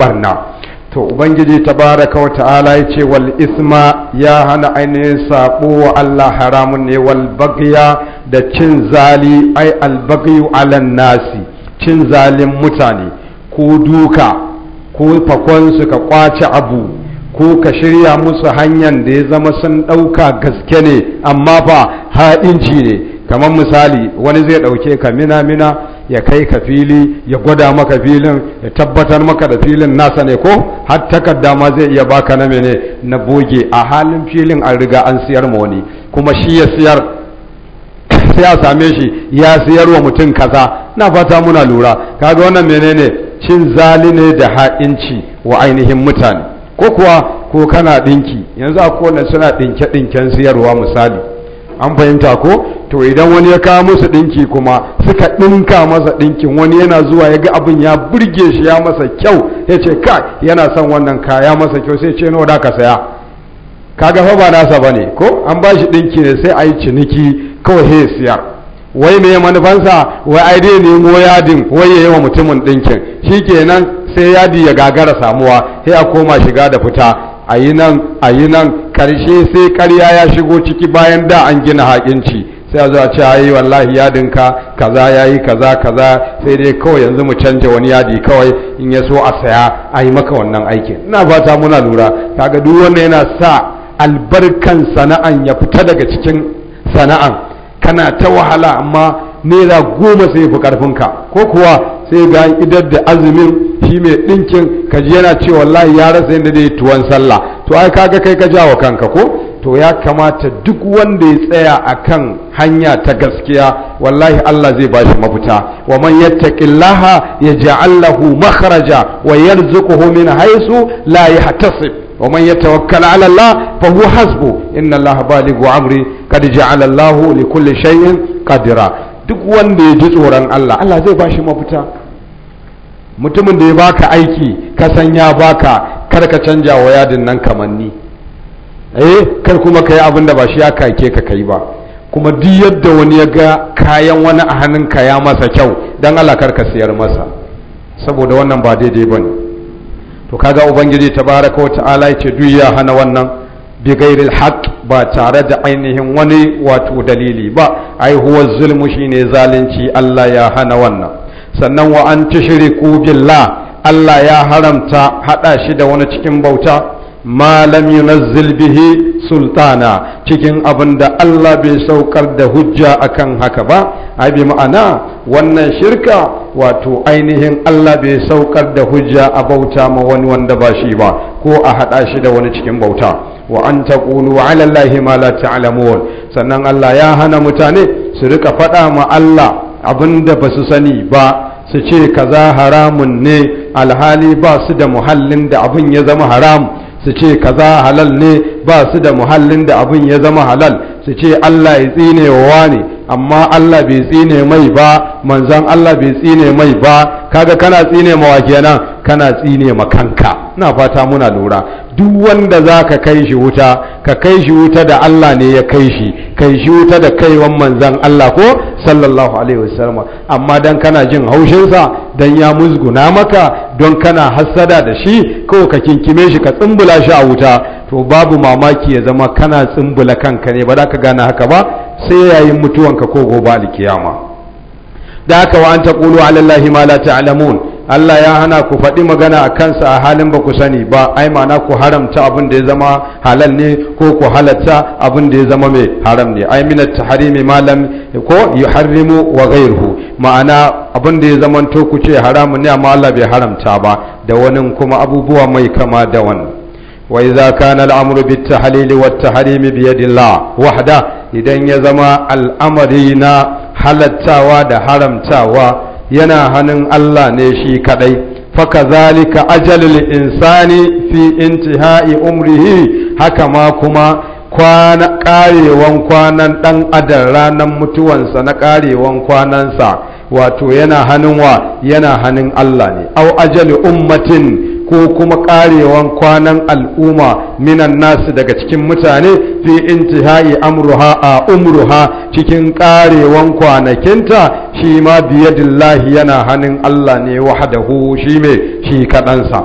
barna to ubangiji tabaraka wa ta'ala ya ce wal isma ya hana ainihin saɓo wa Allah haramun ne wal bagya da cin zali ai al bagyu alan nasi cin zalin mutane ko duka ko fakon su ka kwace abu ko ka shirya musu hanyar da ya zama sun ɗauka gaske ne amma ba ha'inci ne kamar misali wani zai ɗauke ka mina mina ya kai ka fili ya gwada maka filin ya tabbatar maka da filin nasa ne ko har takarda ma zai iya baka na mene na boge a halin filin an riga an siyar ma wani kuma shi ya siyar sai a same shi ya siyar wa mutum kaza na fata muna lura kaga wannan menene cin zali ne da ha'inci wa ainihin mutane ko kuwa ko kana dinki yanzu a kowane suna dinke dinken siyarwa misali an fahimta ko to idan wani ya kawo musu ɗinki kuma suka ɗinka masa ɗinkin wani yana zuwa ya ga abin ya burge shi ya masa kyau ya ce ka yana son wannan kaya masa kyau sai ce nawa da ka saya kaga fa ba nasa ba ne ko an ba shi ɗinki ne sai a yi ciniki kawai he siya wai me manufansa wai ai dai mo yadin wai ya wa mutumin ɗinkin shikenan sai yadi ya gagara samuwa sai a koma shiga da fita a yi nan a yi nan karshe sai karya ya shigo ciki bayan da an gina haƙinci sai a zo a ce ayi wallahi yadinka kaza yayi kaza kaza sai dai kawai yanzu mu canja wani yadi kawai in ya so a saya ayi maka wannan aikin ina fata muna lura kaga duk wanda yana sa albarkan sana'an ya fita daga cikin sana'an kana ta wahala amma naira goma sai fi karfinka ko kuwa sai ga idar da azumin shi mai ɗinkin kaji yana ce wallahi ya rasa yadda zai tuwon sallah to ai kaga kai ka jawo kanka ko to ya kamata duk wanda ya tsaya akan hanya ta gaskiya wallahi Allah zai bashi mafita wa man yattaqillaha yaj'al lahu makhraja wa yarzuquhu min haythu la yahtasib 'ala Allah fa huwa hasbu inna إن baligu amri kad ja'ala جعل li kulli shay'in qadira duk wanda ya ji tsoron Allah Allah zai bashi mafita mutumin da ya baka aiki ka ya baka kar ka canja wa yadin nan kamanni eh kar kuma ka yi abin da ba shi ya kake ka kai ba kuma duk yadda wani ya ga kayan wani a hannunka ya masa kyau dan Allah kar ka siyar masa saboda wannan ba daidai ba ne to kaga ubangiji tabaraka wata'ala ya ce duk ya hana wannan bi gairil haqq ba tare da ainihin wani wato dalili ba ai huwa zulmu shine zalunci Allah ya hana wannan sannan wa an tushriku billah Allah ya haramta hada shi da wani cikin bauta ma lam yunazzil bihi sultana cikin abin da Allah bai saukar da hujja akan haka ba ai bi ma'ana wannan shirka wato ainihin Allah bai saukar da hujja a bauta ma wani wanda ba shi ba ko a hada shi da wani cikin bauta wa an taqulu ala allahi ma la ta'lamun sannan Allah ya hana mutane su rika faɗa ma Allah abinda ba su sani ba su ce kaza haramun ne alhali ba su da muhallin da abin ya zama haram su ce kaza halal ne ba su da muhallin da abin ya zama halal su ce Allah ya tsine wa ne amma Allah bai tsine mai ba manzon Allah bai tsine mai ba kaga kana tsine mawa kenan kana tsine ma kanka ina fata muna lura duk wanda za ka kai shi wuta ka kai shi wuta da Allah ne ya kai shi kai shi wuta da kaiwan manzan Allah ko sallallahu alaihi wasallam amma dan kana jin haushinsa dan ya musguna maka don kana hassada da shi ko ka kinkime shi ka tsumbula shi a wuta to babu mamaki ya zama kana tsumbula kanka ne ba za ka gane haka ba sai yayin mutuwanka ko gobe alkiyama da haka wa an taqulu ala allahi ma la ta'lamun Allah ya hana ku faɗi magana a kansa a halin ba ku sani ba ai ma'ana ku haramta abin da ya zama halal ne ko ku halatta abin da ya zama mai haram ne ai minat tahrimi malam ko yuharrimu wa ghayruhu ma'ana abin da ya zama to ku ce haramun ne amma Allah bai haramta ba da wani kuma abubuwa mai kama da wani wa idza kana al'amru bit tahlili wat tahrimi bi yadillah wahda idan ya zama al'amari na halattawa da haramtawa yana hannun Allah ne shi kadai fakazalika ajalul insani fi intihai umrihi haka ma kuma kwana karewan kwanan ɗan adam ranar mutuwansa na karewan kwanansa wato yana hannun wa yana hannun Allah ne au ajali ummatin ko kuma karewan kwanan al'umma minan nasu daga cikin mutane fi intihai amruha a umruha cikin ƙarewan kwanakinta shi ma biyadillahi yana hannun Allah ne wahadahu shi mai shi kadansa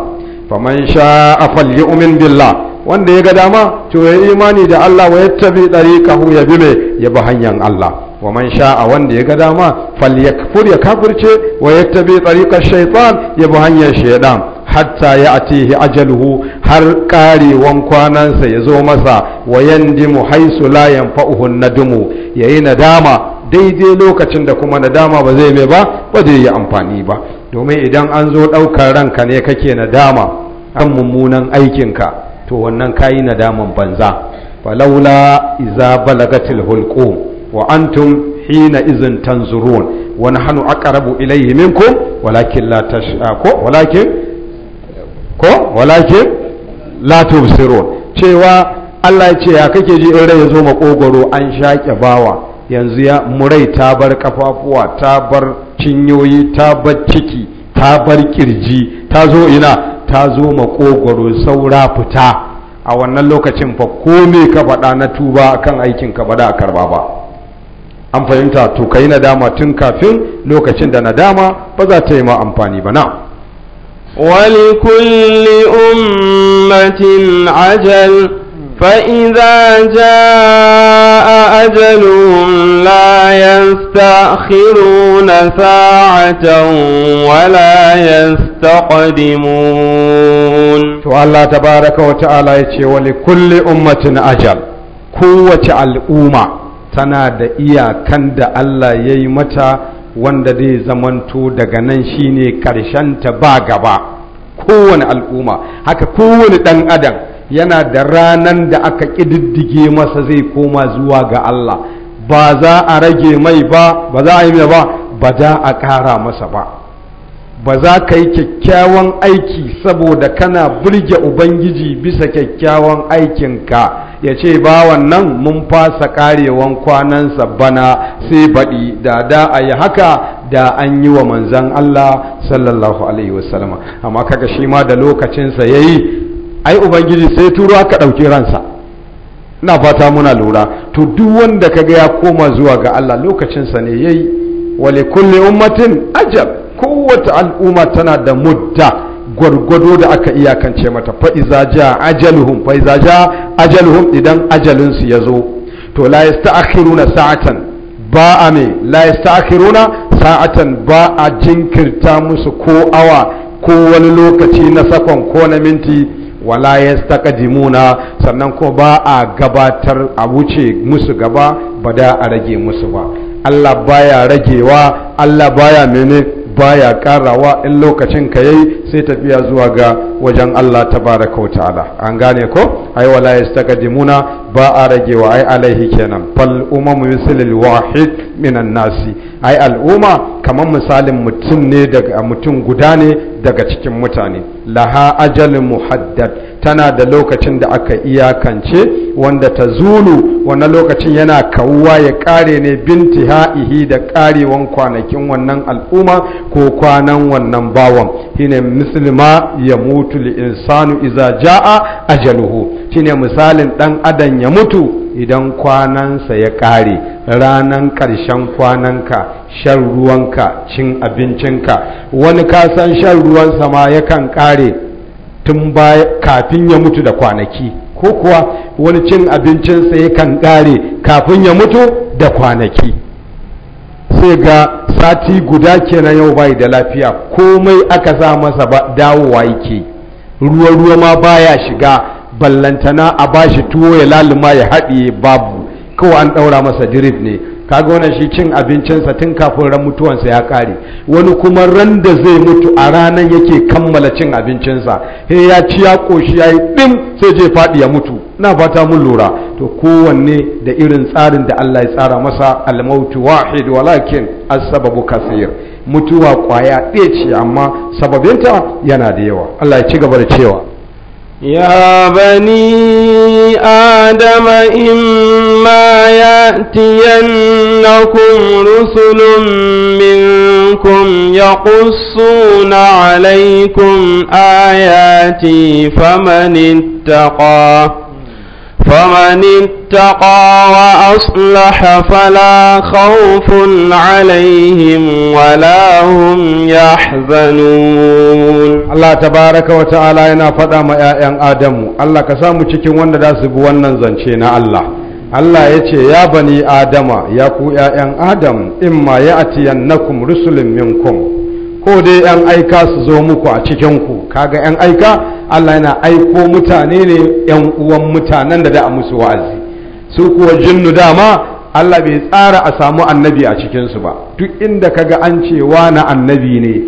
faman falli umin billah wanda ya ga dama to ya imani da Allah wa yattabi dariqahu ya bi mai, ya bi hanyar Allah wa man a wanda ya ga dama falyakfur ya kafirce wa yattabi tariqar shaytan ya bi hanyar shaytan hatta ya atihi ajalhu har karewan kwanansa ya zo masa wa yandimu haisu na yanfa'uhun ya yayi nadama daidai lokacin da kuma nadama ba zai mai ba ba zai yi amfani ba domin idan an zo ɗaukar ranka ne kake nadama an mummunan aikinka to wannan kayi nadaman banza falaula iza balagatil hulqum wa antum hina izin tanzurun hannu aka rabu ilayhi minkum walakin la tashako walakin ko walake la tubsirun cewa Allah ya ce ya kake ji in rai ya zo makogoro an shaƙe bawa yanzu ya murai ta bar kafafuwa ta bar cinyoyi ta bar ciki ta bar kirji ta zo ina ta zo makogoro saura fita a wannan lokacin fa kome ka faɗa na tuba kan aikin ka bada a karba ba an fahimta to kai nadama tun kafin lokacin da nadama ba za ta yi ma amfani ba na ولكل أمة عجل فإذا جاء أجلهم لا يستأخرون ساعة ولا يستقدمون تو الله تبارك وتعالى يتي ولكل أمة أجل قوة الأمة تنادى إيا كند الله يمتى wanda zai zamanto daga nan shine ta ba gaba kowane al'umma haka kowane ɗan adam yana da ranan da aka ƙididdige masa zai koma zuwa ga Allah ba za a rage mai ba ba za a yi mai ba ba za a ƙara masa ba ba za ka yi kyakkyawan aiki saboda kana burge ubangiji bisa kyakkyawan aikinka ya ce bawan nan mun fasa karewan kwanansa bana sai baɗi da da a yi haka da an yi wa manzan Allah sallallahu alaihi wasallam amma kaga shi ma da lokacinsa ya yi ai ubangiji sai turo aka ɗauki ransa ina fata muna lura to duk wanda kaga ya koma zuwa ga Allah lokacinsa ne ya yi wale kulle ummatin ajab kowace al'umma tana da mudda gwargwado da aka iyakance mata fa'iza ja ajaluhum fa'iza ja ajaluhum idan ajalinsu ya zo to la yasta'khiruna sa'atan ba a me la yasta'khiruna sa'atan ba a jinkirta musu ko awa ko wani lokaci na sakon ko na minti wala yastaqdimuna sannan ko ba a gabatar a wuce musu gaba ba da a rage musu ba Allah baya ragewa Allah baya mene baya karawa in lokacin ka yayi sai tafiya zuwa ga wajen Allah tabaraka wa ta'ala an gane ko ai wala yastaqdimuna ba a ragewa ai alaihi kenan fal umamu mislil wahid minan nasi ai al'umma kamar misalin mutum ne daga mutum guda ne daga cikin mutane laha ajalin muhaddad tana da lokacin da aka iyakance wanda ta zulu wannan lokacin yana kawuwa ya kare ne binti ha'ihi da karewan kwanakin wannan al'umma ko kwanan wannan bawan shine musulma ya mutu li insanu iza ja'a ajaluhu shine misalin dan adam ya mutu idan kwanansa ya kare ranan karshen kwananka shan ruwanka cin abincinka wani kasan shan ruwansa ma yakan kare tun baya kafin ya mutu da kwanaki ko kuwa wani cin abincinsa kan ƙare kafin ya mutu da kwanaki sai ga sati guda kenan yau bai da lafiya komai aka sa masa ba dawowa yake ruwa-ruwa ma baya shiga ballantana a bashi tuwo ya lalima ya haɗiye babu kawai an ɗaura masa dirif ne kaga wannan shi cin abincinsa tun kafin ran mutuwansa ya kare wani kuma ran da zai mutu a ranar yake kammala cin abincinsa he ya ci ya koshi ya yi ɗin sai je faɗi ya mutu na fata mun lura to kowanne da irin tsarin da Allah ya tsara masa almautu wahid walakin as-sababu kasir mutuwa kwaya ɗaya ce amma sababinta yana da yawa Allah ya ci gaba da cewa يا بني آدم إما يأتينكم رسل منكم يقصون عليكم آياتي فمن اتقى فمن اتقى وأصلح فلا خوف عليهم ولا هم يحزنون الله تبارك وتعالى ينا فدا ما يا آدم الله كسامو cikin wanda za su bi wannan zance na Allah Allah ya ce ya bani Adama ya ku ‘ya'yan Adam imma ya atiyannakum rusulun minkum ko dai ‘yan aika su zo muku a cikinku ga ‘yan aika Allah yana aiko mutane ne yan uwan mutanen da da musu wa'azi su kuwa jinnu dama Allah bai tsara a samu annabi a cikinsu ba duk inda kaga an ce na annabi ne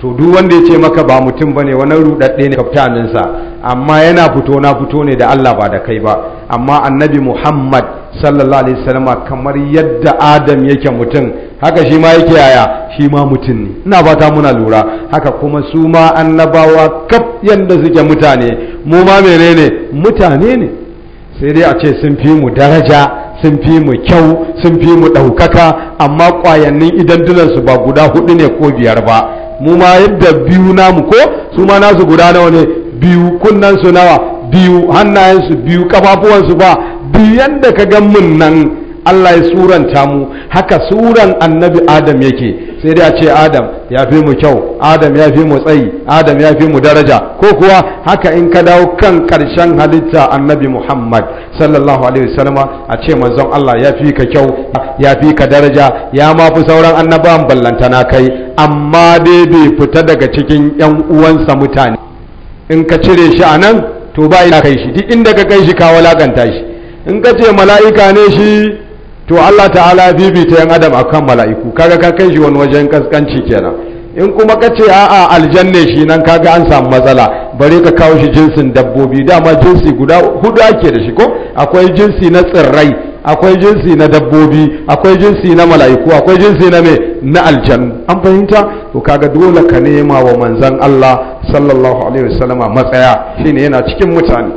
to duk wanda ya ce maka ba mutum bane wani ruɗaɗɗe ne kaftaninsa amma yana fito na fito ne da Allah ba da kai ba amma annabi Muhammad sallallahu alaihi kamar yadda Adam yake mutum haka shi ma yake yaya shi ma mutum ne ina fata muna lura haka kuma su ma annabawa kaf yanda suke mutane mu ma menene mutane ne sai dai a ce sun fi mu daraja sun fi mu kyau sun fi mu ɗaukaka amma ƙwayannin idan su ba guda hudu ne ko biyar ba mu ma yadda biyu namu ko su ma nasu guda nawa ne biyu su nawa biyu hannayensu biyu kafafuwansu ba biyu yadda ka gan mun nan Allah ya suranta mu haka suran annabi Adam yake sai dai a ce Adam ya fi mu kyau Adam ya fi mu tsayi Adam ya fi mu daraja ko kuwa haka in ka dawo kan karshen halitta annabi Muhammad sallallahu alaihi wasallam a ce manzon Allah ya fi ka kyau ya fi ka daraja ya ma fi sauran annabawan na kai amma dai bai fita daga cikin yan uwansa mutane in ka cire shi a nan to ba ina kai shi duk inda ka kai shi ka walakanta shi in ka ce mala'ika ne shi to Allah ta'ala ya bibita yan adam akan mala'iku kaga ka kai shi wani wajen kaskanci kenan in kuma ka ce a'a aljanne shi nan kaga an samu matsala bare ka kawo shi jinsin dabbobi dama jinsi guda hudu ake da shi ko akwai jinsi na tsirrai akwai jinsi na dabbobi akwai jinsi na mala'iku akwai jinsi na me na aljannu an fahimta to kaga dole ka nema wa manzon Allah sallallahu alaihi wasallama matsaya shine yana cikin mutane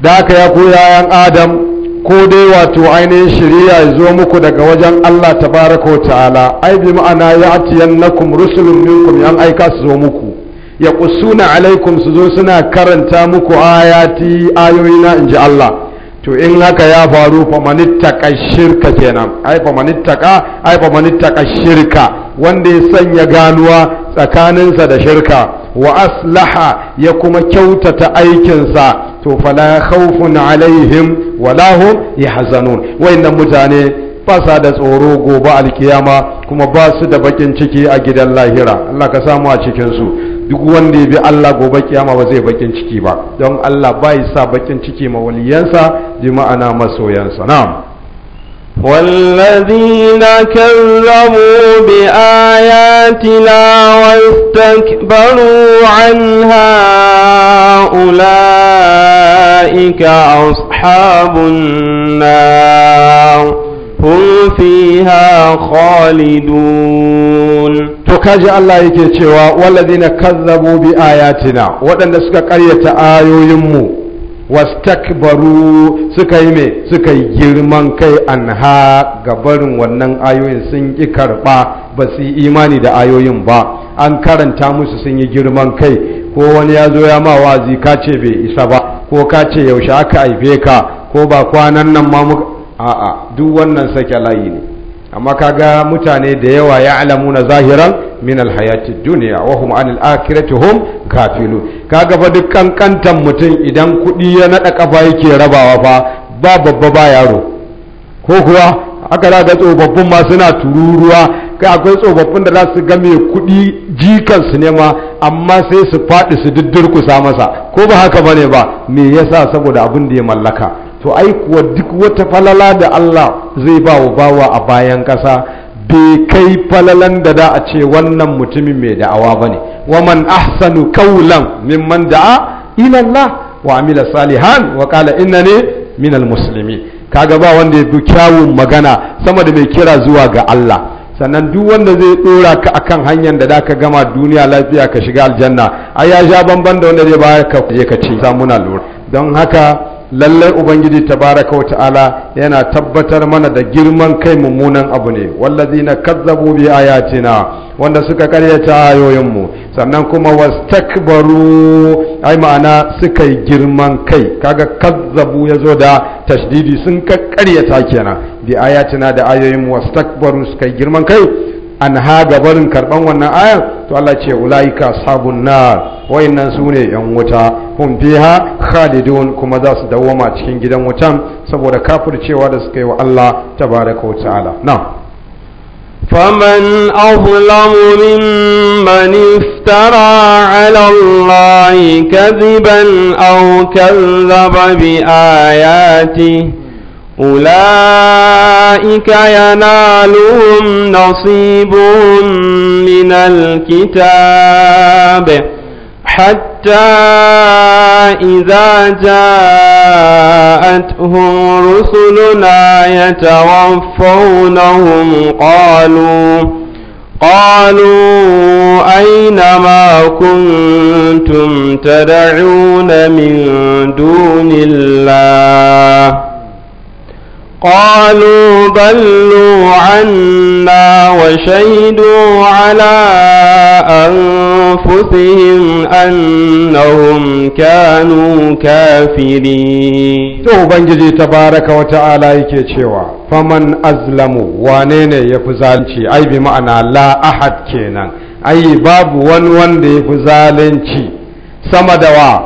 da aka ya koya yan adam ko dai wato ainihin shari'a ya zo muku daga wajen Allah baraka wa ta'ala ai bi ma'ana ya atiyannakum rusulun minkum yan aika su zo muku ya kusuna alaikum su zo suna karanta muku ayati ayoyina in ji Allah to in haka ya faru fa famanittaka shirka kenan ai fa ka, ai fa famanittaka shirka wanda ya sanya ganuwa tsakaninsa da shirka wa aslaha ya kuma kyautata aikinsa to fala khawfun alaihim wala hum yahzanun wayannan mutane ba sa da tsoro gobe alkiyama kuma ba su da bakin ciki a gidan lahira Allah ka samu a cikin su duk wanda ya bi Allah gobe kiyama ba zai bakin ciki ba don Allah bai sa bakin ciki mawaliyansa waliyansa bi ma'ana masoyansa na'am والذين كذبوا بآياتنا واستكبروا عنها أولئك أصحاب النار هم فيها خالدون to kaji Allah yake cewa wallazina kazzabu bi ayatina waɗanda suka ƙaryata ayoyinmu wastakbaru suka yi mai suka yi girman kai anha ga barin wannan ayoyin sun ƙi karɓa ba su yi imani da ayoyin ba an karanta musu sun yi girman kai ko wani ya zo ya ma wazi ka ce bai isa ba ko ka ce yaushe aka haife ka ko ba kwanan nan ma muka a'a duk wannan sake layi ne amma kaga mutane da yawa ya alamu na zahiran min alhayati dunya wa hum anil akhirati hum kafilun kaga fa dukkan mutum idan kudi ya nada kafa yake rabawa fa ba babba ba yaro ko kuwa aka za ga tsofaffin ma suna tururuwa kai akwai tsofaffin da za su ga mai kudi jikan su ne ma amma sai su faɗi su diddirkusa masa ko ba haka ne ba me yasa saboda abin da ya mallaka to ai kuwa duk wata falala da Allah zai ba wa bawa a bayan ƙasa bai kai falalan da da a ce wannan mutumin mai da'awa ba ne waman ahsanu kaulan mimman da'a Allah wa amila salihan wa qala innani minal muslimin kaga ba wanda ya fi kyawun magana sama da mai kira zuwa ga Allah sannan duk wanda zai dora ka akan hanyar da zaka gama duniya lafiya ka shiga aljanna ai ya sha bamban da wanda zai baya ka je ka ci samuna lura don haka lallai ubangiji tabaraka ta'ala yana tabbatar mana da girman kai mummunan abu ne na kazzabu bi ayatina wanda suka karyata ayoyinmu sannan kuma wastakbaru ai ma'ana suka yi girman kai kaga kazzabu yazo da tashdidi sun kakkaryata kenan bi ayatina da ayoyinmu wastakbaru suka yi girman kai an ha barin karban wannan ayan to Allah ce ulaika sabun nar wayannan sune yan wuta hum fiha khalidun kuma za su dawoma cikin gidan wutan saboda kafircewa da suka yi wa Allah tabaraka wa ta'ala na'am فمن أظلم ممن افترى على الله كذبا أو كذب بآياته أولئك ينالهم نصيب من الكتاب حتى إذا جاءتهم رسلنا يتوفونهم قالوا قالوا أين ما كنتم تدعون من دون الله قالوا ضلوا عنا وشهدوا على أنفسهم أنهم كانوا ta baraka wata ala yake cewa faman azlamu wane ne ya fi zalunci ma'ana la ahad kenan ai babu wani wanda ya fi zalunci sama da wa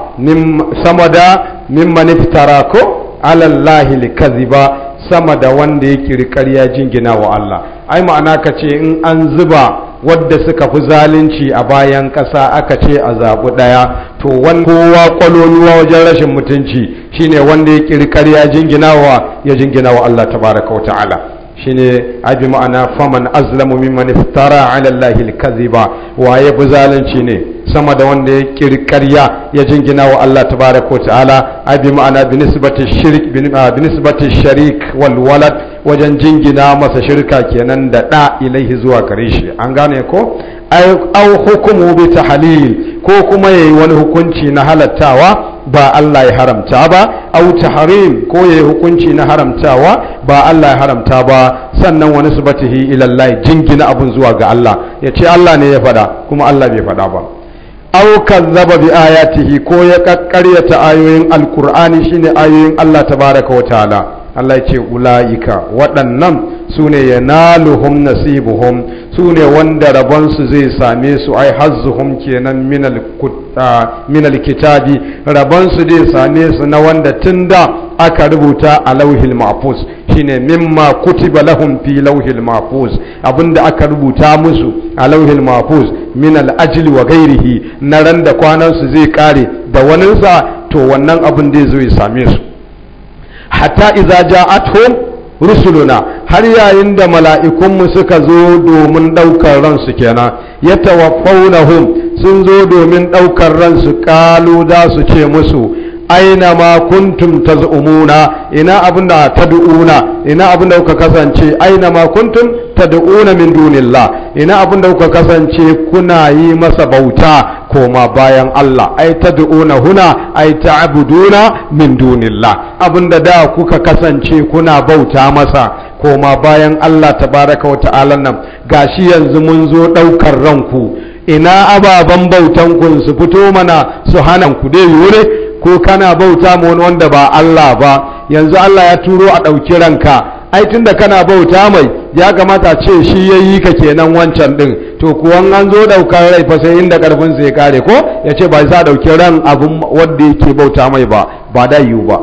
sama da mimman iftara ko alallahi likaziba sama da wanda ya kiri ya jingina wa Allah ai ma'ana ka ce in an zuba wadda suka fi zalunci a bayan ƙasa aka ce a zaɓi ɗaya to wani kowa ƙwaloluwa wajen rashin mutunci shine wanda ya kiri ya jingina wa ya jingina wa Allah tabaraka wa ta'ala shine abi ma'ana faman azlamu mimman iftara ala allahi alkaziba waye bu zalunci ne sama da wanda ya kirkarya ya jingina wa Allah tabaraka wa ta'ala abi ma'ana bi nisbati shirk bi ah, nisbati sharik wal walad wajen jingina masa shirka kenan da da ilaihi zuwa gare shi an gane ko au hukumu bi tahlil ko kuma yayi wani hukunci na halattawa ba Allah ya haramta ba au harin ko yayi hukunci na haramtawa ba Allah ya haramta ba sannan wani subatihi ila ilallai jingina abun zuwa ga Allah ya ce Allah ne ya faɗa kuma Allah bai faɗa ba au kazzaba bi ayatihi ko ya kakkaryata ayoyin alqur'ani shine ayoyin Allah tabaraka wa ta'ala Allah ya ce ula'ika waɗannan su ne ya naluhum nasibuhum su ne wanda rabonsu zai same su ai hazzuhum kenan minal kitabi rabonsu zai same su na wanda tun da aka rubuta a lauhil mafus shine mimma kutiba lahum fi lauhil mafus abinda aka rubuta musu a lauhil mafus minal ajili wa gairihi na ran da kwanansu zai kare da waninsa to wannan abin zai zo ya same su hatta iza ja'atuhum rusuluna har yayin da mala'ikunmu suka zo domin ɗaukar ransu kenan ya tawafaunahum sun zo domin ɗaukar ransu ƙalu za su ce musu aina ma kuntum taz'umuna ina abinda tad'una ina abinda kuka kasance aina ma kuntum tad'una min dunillah ina abinda kuka kasance kuna yi masa bauta koma bayan Allah ai tad'una huna ai ta'buduna min dunillah abinda da kuka kasance kuna bauta masa koma bayan Allah tabaraka wa ta'ala nan gashi yanzu mun zo daukar ranku ina ababen bautan kun su fito mana su hanan ku dai yure ko kana bauta ma wani wanda ba Allah ba yanzu Allah ya turo a ɗauki ranka ai tunda kana bauta mai ya kamata ce shi ya yi ka kenan wancan ɗin to kuwan an zo ɗaukar rai fa inda ƙarfin sai kare ko ya ce ba za ɗauki ran abin wanda yake bauta mai ba ba da yiwu ba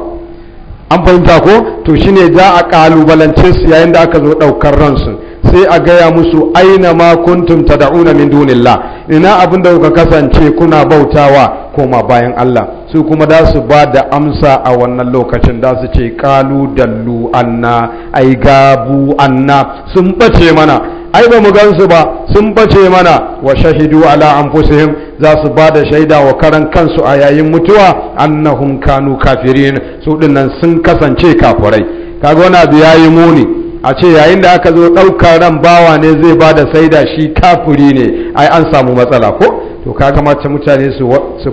an fahimta ko to shi ne za a ƙalubalance su yayin da aka zo ɗaukar ransu sai a gaya musu aina ma kuntum da'una min dunillah ina abin da kuka kasance kuna bautawa koma bayan Allah su kuma da su ba da amsa a wannan lokacin da su ce kalu dallu anna ai gabu anna sun bace mana ai ba mu gansu ba sun bace mana wa shahidu ala anfusihim za su ba da shaida wa karan kansu a yayin mutuwa annahum kanu kafirin su dinnan sun kasance kafirai kaga wani abu yayi muni a ce yayin da aka zo ɗaukar ran bawa ne zai ba da saida shi kafiri ne ai an samu matsala ko to ka kamata mutane su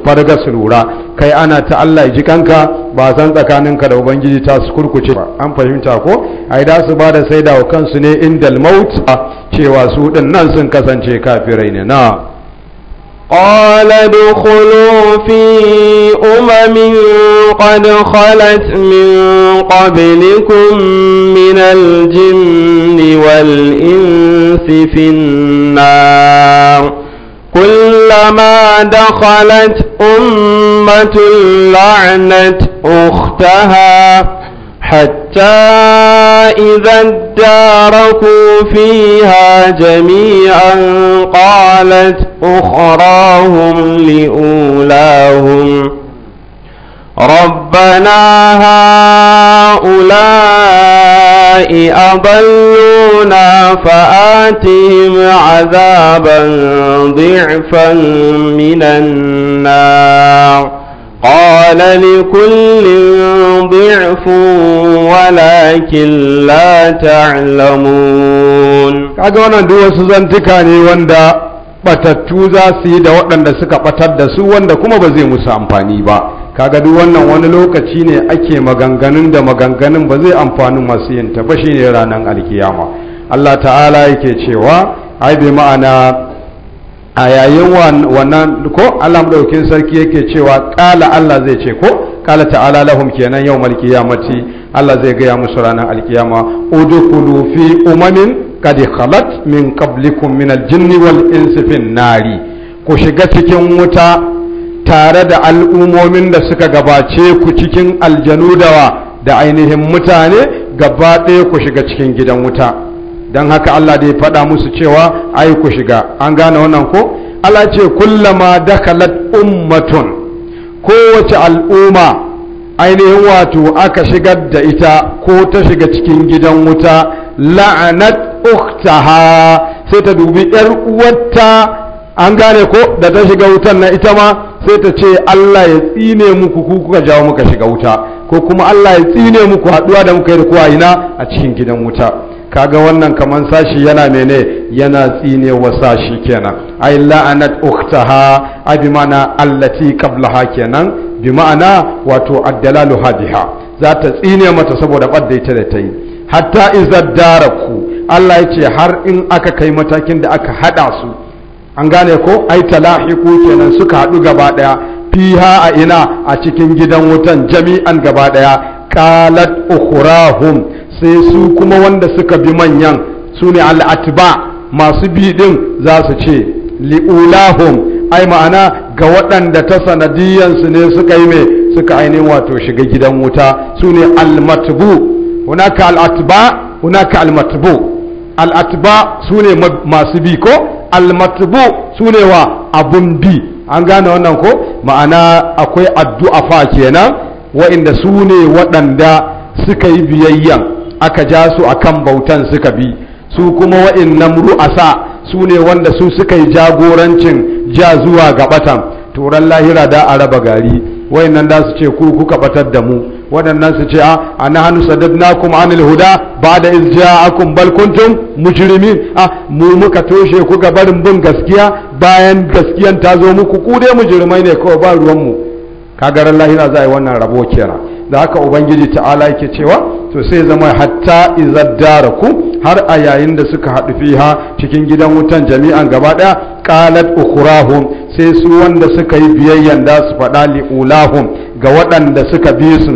farga su lura kai ana ta Allah ji kanka ba san ka da ubangiji ta su kurkuce ba an fahimta ko ai da su bada saida wa kansu ne indal maut cewa su din nan sun kasance kafirai ne na قال ادخلوا في أمم قد خلت من قبلكم من الجن والإنس في النار كل كلما دخلت أمة لعنت أختها حتى إذا اداركوا فيها جميعا قالت أخراهم لأولاهم ربنا هؤلاء أضلونا فآتهم عذابا ضعفا من النار قال لكل ضعف ولكن لا تعلمون kaga wannan duk wasu zantuka ne wanda batattu za su yi da waɗanda suka batar da su wanda kuma ba zai musu amfani ba kaga duk wannan wani lokaci ne ake maganganun da maganganun ba zai amfani masu yin ta ba shine ranar alkiyama Allah ta'ala yake cewa ai bai ma'ana a yayin wannan ko Allah ɗaukin sarki yake cewa qala Allah zai ce ko qala ta'ala lahum kenan ya mati Allah zai gaya musu ranar alkiyama udkhulu fi umamin kad khalat min qablikum min aljinn wal ins fin nari ku shiga cikin wuta tare da al'umomin da suka gabace ku cikin aljanu da ainihin mutane gaba ɗaya ku shiga cikin gidan wuta don haka Allah da ya faɗa musu cewa ai ku shiga an gane wannan ko Allah ce kullama dakalat ummatun kowace al'umma ainihin wato aka shigar da ita ko ta shiga cikin gidan wuta la'anat uktaha sai ta dubi yar uwarta an gane ko da ta shiga wutan na ita ma sai ta ce Allah ya tsine muku ku kuka jawo muka shiga wuta ko kuma Allah ya tsine muku haɗuwa da muka yi da kowa ina a cikin gidan wuta kaga wannan kaman sashi yana mene yana tsine wa sashi kenan ai la'anat ukhtaha abi mana allati qablaha kenan bi ma'ana wato addalalu hadiha za ta tsine mata saboda badda ita da ta yi hatta daraku Allah ya ce har in aka kai matakin da aka hada su an gane ko ai talahiku kenan suka hadu gaba daya fiha a ina a cikin gidan wutan jami'an gaba daya qalat ukhrahum sai su kuma wanda suka bi manyan su ne al'atba masu bi ɗin za su ce li’ulahun ai ma'ana ga waɗanda ta sanadiyansu ne suka yi mai suka ainihin wato shiga gidan wuta su ne almatbu hunaka al’atiba hunaka matubu al’atiba su ne masu bi ko almatbu su ne wa abun bi an gane wannan ko ma'ana akwai addu'a fa kenan wa'inda su ne waɗanda suka yi biyayyan aka ja su a kan bautan suka bi su kuma wa'innan ru'asa su ne wanda su suka yi jagorancin ja zuwa ga batan turan lahira da a raba gari wa'in da su ce ku kuka batar da mu waɗannan su ce a ana hannu sadadna kuma anil huda ba da izja akun balkuntun mujrimin a mu muka toshe ku ga barin bin gaskiya bayan gaskiyan ta zo muku ku dai mujrimai ne kawai ba ruwanmu kagarar lahira za a yi wannan rabo kera da haka ubangiji ta'ala yake cewa to sai zama hatta izaddara ku har a yayin da suka haɗu fiha cikin gidan wutan jami'an gaba ɗaya qalat ukhrahum sai su wanda suka yi biyayyan da su faɗa li'ulahum ga waɗanda suka bi su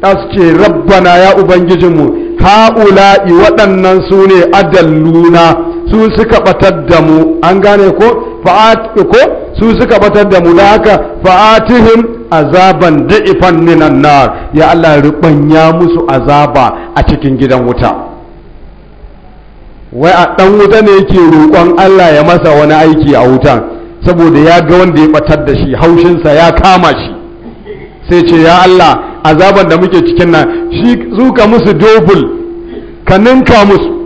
da su ce rabbana ya ubangijinmu ha'ula'i waɗannan su ne adalluna su suka batar da mu an gane ko fa'at ko su suka batar da mu da haka fa'atihim azaban da'ifan minan nar ya Allah rubanya musu azaba a cikin gidan wuta wai a ɗan wuta ne yake roƙon Allah ya masa wani aiki a wutan saboda ya ga wanda ya batar da shi haushinsa ya kama shi sai ce ya Allah azaban da muke cikin nan shi zuka musu dobul ka ninka musu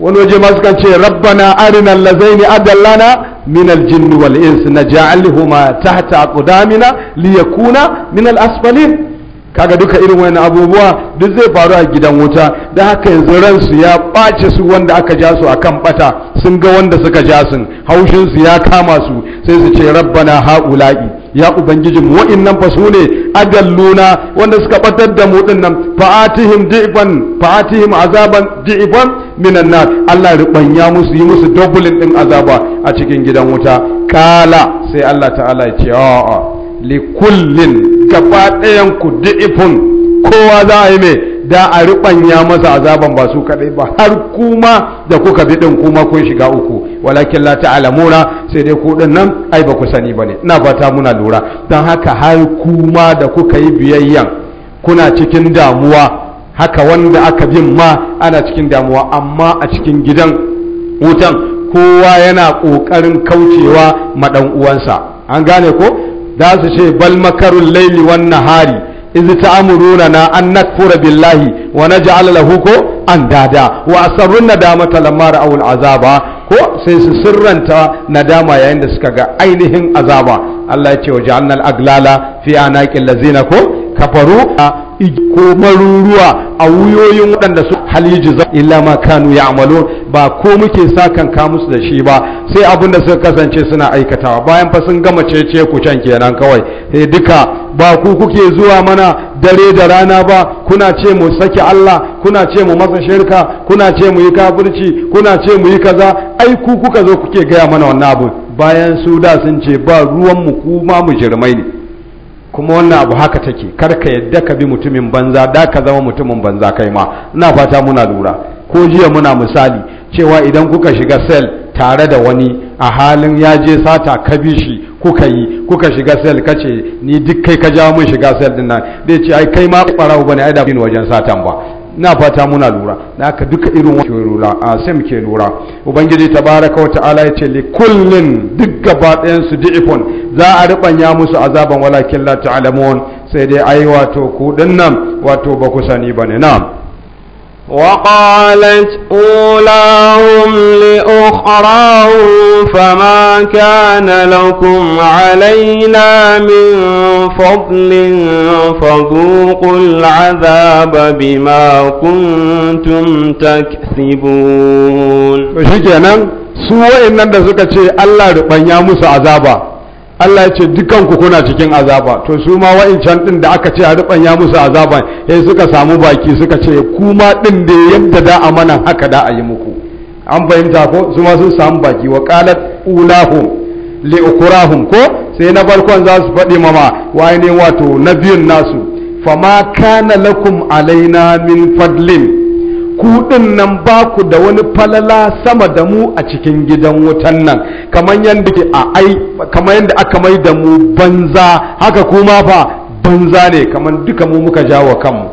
wani waje masu kan ce rabbana arina lazaini adallana min aljinn wal ins naj'alhuma tahta aqdamina liyakuna min al kaga duka irin wannan abubuwa duk zai faru a gidan wuta da haka yanzu ransu ya ɓace su wanda aka ja su akan bata sun ga wanda suka ja su haushin su ya kama su sai su ce rabbana haula'i ya ubangijinmu wa'innan fa su ne adalluna wanda suka batar da mu dinnan fa'atihim di'ban fa'atihim azaban di'ban minan na Allah ruɓanya musu yi musu dubbulin ɗin azaba a cikin gidan wuta kala sai Allah ta'ala ya ce a'a li kullin gaba ɗayan ku di'ifun kowa za a yi mai da a ruɓanya masa azaban ba su kaɗai ba har kuma da kuka bi ɗin kuma kun shiga uku walakin la mura sai dai ku ɗin nan ai ba ku sani ba ne. ina fata muna lura Don haka har kuma da kuka yi biyayyan kuna cikin damuwa haka wanda aka bin ma ana cikin damuwa amma a cikin gidan wutan kowa yana ƙoƙarin kaucewa maɗan uwansa an gane ko za su ce bal makarun laili wan nahari iz ta'muruna na an nakfura billahi wa naj'al lahu ko an dada wa asarrun nadamata lamma awul azaba ko sai su sirranta nadama yayin da suka ga ainihin azaba Allah ya ce wa ja'alnal aglala fi anaqil lazina ko kafaru a ko maruruwa a wuyoyin waɗanda su haliji za illa ma kanu ya amalo ba ko muke sa kan ka da shi ba sai abin da suka kasance suna aikatawa bayan fa sun gama cece ku can kenan kawai sai eh, duka ba ku kuke zuwa mana dare da rana ba kuna ce mu saki Allah kuna ce mu masa shirka kuna ce mu yi kafirci kuna ce mu yi kaza ai ku kuka zo kuke gaya mana wannan abu bayan su da sun ce ba ruwan mu kuma mu jirmai ne kuma wannan abu haka take kar ka yadda ka bi mutumin banza da ka zama mutumin banza kai ma ina fata muna lura ko jiya muna misali cewa idan kuka shiga sel tare da wani a halin ya je sata ka bi shi kuka yi kuka shiga sel kace ni duk kai ka jawo mun shiga sel din nan zai ce ai kai ma barau bane ai da bin wajen satan ba na fata muna lura na ka duka irin wani lura a sai ke lura ubangiji baraka wa ta'ala ya ce likullin duk gaba ɗayansu su di'ifun za a riɓanya musu azaban walakin la alamon sai dai ai wato ku nan wato ba ku sani ne na'am وقالت أولاهم لأخراهم فما كان لكم علينا من فضل فذوقوا العذاب بما كنتم تكسبون شكرا سوى إن سكتي الله ربنا موسى عذابا Allah ya ce dukanku kuna cikin azaba to su ma wa'incan din da aka ce a ya musu azaban sai suka samu baki suka ce kuma din da yadda da amana haka da a yi muku an fahimta ko su ma sun samu baki wa qalat ulahum li ukurahum ko sai na farkon za su faɗi mama wa ne wato na biyun nasu fama kana lakum alaina min fadlin kuɗin nan ba ku da wani falala sama da mu a cikin gidan wutan nan kamar yadda a ai kamar yadda aka mai da mu banza haka kuma fa banza ne kamar duka mu muka jawo kanmu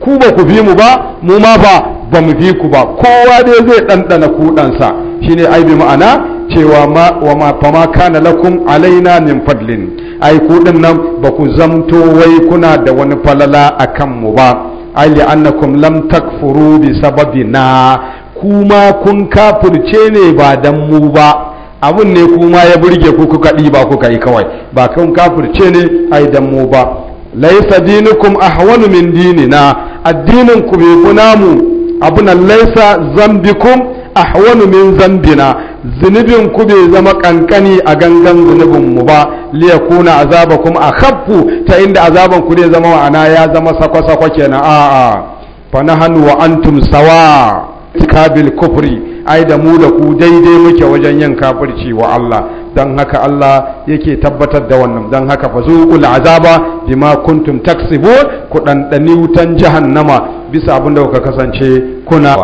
ku ba ku fi mu ba mu ma ba ba mu fi ku ba kowa dai zai ɗanɗana kuɗansa shine ai bi ma'ana cewa wa ma fama kana lakum alaina min fadlin ai ku nan ba ku zamto wai kuna da wani falala a kanmu ba ai annakum lam takfuru bi sababina kuma kun kafirce ne ba dan mu ba abun ne kuma ya burge ku kuka ba kuka yi kawai ba kun kafirce ne ai dan mu ba laisa dinukum ahwalu min dinina addinin ku bai mu abuna laisa zambikum ahwanu min zambina zunubin ku bai zama kankani a gangan zunubin mu ba liyakuna a akhaffu ta inda azaban ku zai zama ma'ana ya zama sakwa-sakwa kenan a'a fa nahnu wa antum sawa tikabil kufri ai da mu da ku daidai muke wajen yin kafirci wa Allah dan haka Allah yake tabbatar da wannan dan haka fa zuqul azaba bima kuntum taksibun ku ɗanɗani wutan jahannama bisa abin da kuka kasance kuna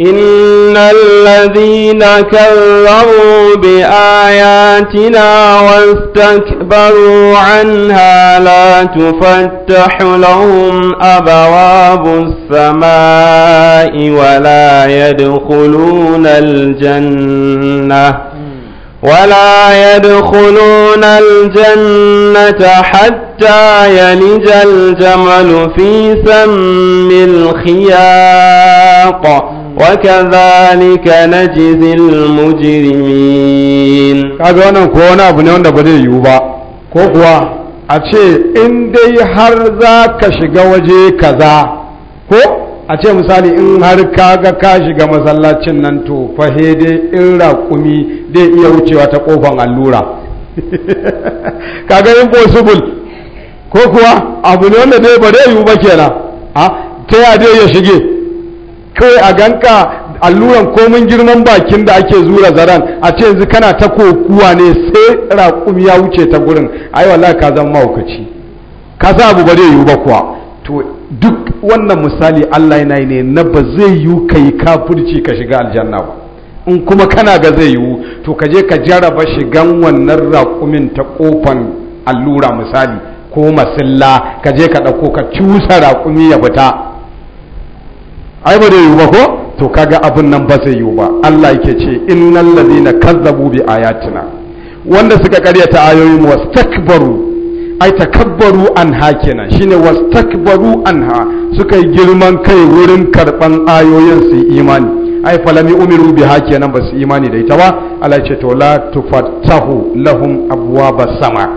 إن الذين كذبوا بآياتنا واستكبروا عنها لا تفتح لهم أبواب السماء ولا يدخلون الجنة ولا يدخلون الجنة حتى يلج الجمل في سم الخياق وكذلك نجزي المجرمين kaga wannan ko wani abu ne wanda ba yiwu ba ko kuwa a ce in dai har za ka shiga waje kaza ko a ce misali in har ka ga ka shiga masallacin nan to fahe dai in raƙumi dai iya wucewa ta ƙofan allura kaga impossible ko kuwa abu ne wanda dai ba dai yiwu ba kenan a ta ya dai ya shige kai a ganka alluran komin girman bakin da ake zura zaren a ce yanzu kana ta kokuwa ne sai raƙumi ya wuce ta gurin ai wallahi ka zama ka sa abu ba dai yiwu ba kuwa to duk wannan misali Allah yana ne na ba zai yiwu ka yi kafirci ka shiga aljanna ba in kuma kana ga zai yiwu to ka je ka jaraba shigan wannan raƙumin ta ƙofan allura misali ko masilla ka je ka ɗauko ka cusa raƙumi ya fita ai ba zai yiwu ba ko to kaga abin nan ba zai yiwu ba Allah yake ce innal ladina kazzabu bi ayatina wanda suka karyata ayoyin wastakbaru ai takabbaru anha kenan shine wastakbaru anha suka yi girman kai wurin karban ayoyin su imani ai falami umiru biha kenan ba su imani da ita ba Allah ya ce to la tufattahu lahum abwaba sama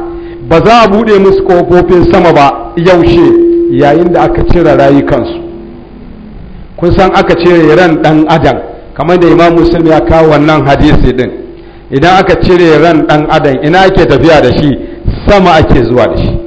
ba za a bude musu kofofin sama ba yaushe yayin da aka cire rayukansu kun san aka cire ran dan adam kamar da imam muslim ya kawo wannan hadisi din idan aka cire ran dan adam ina ake tafiya da shi sama ake zuwa da shi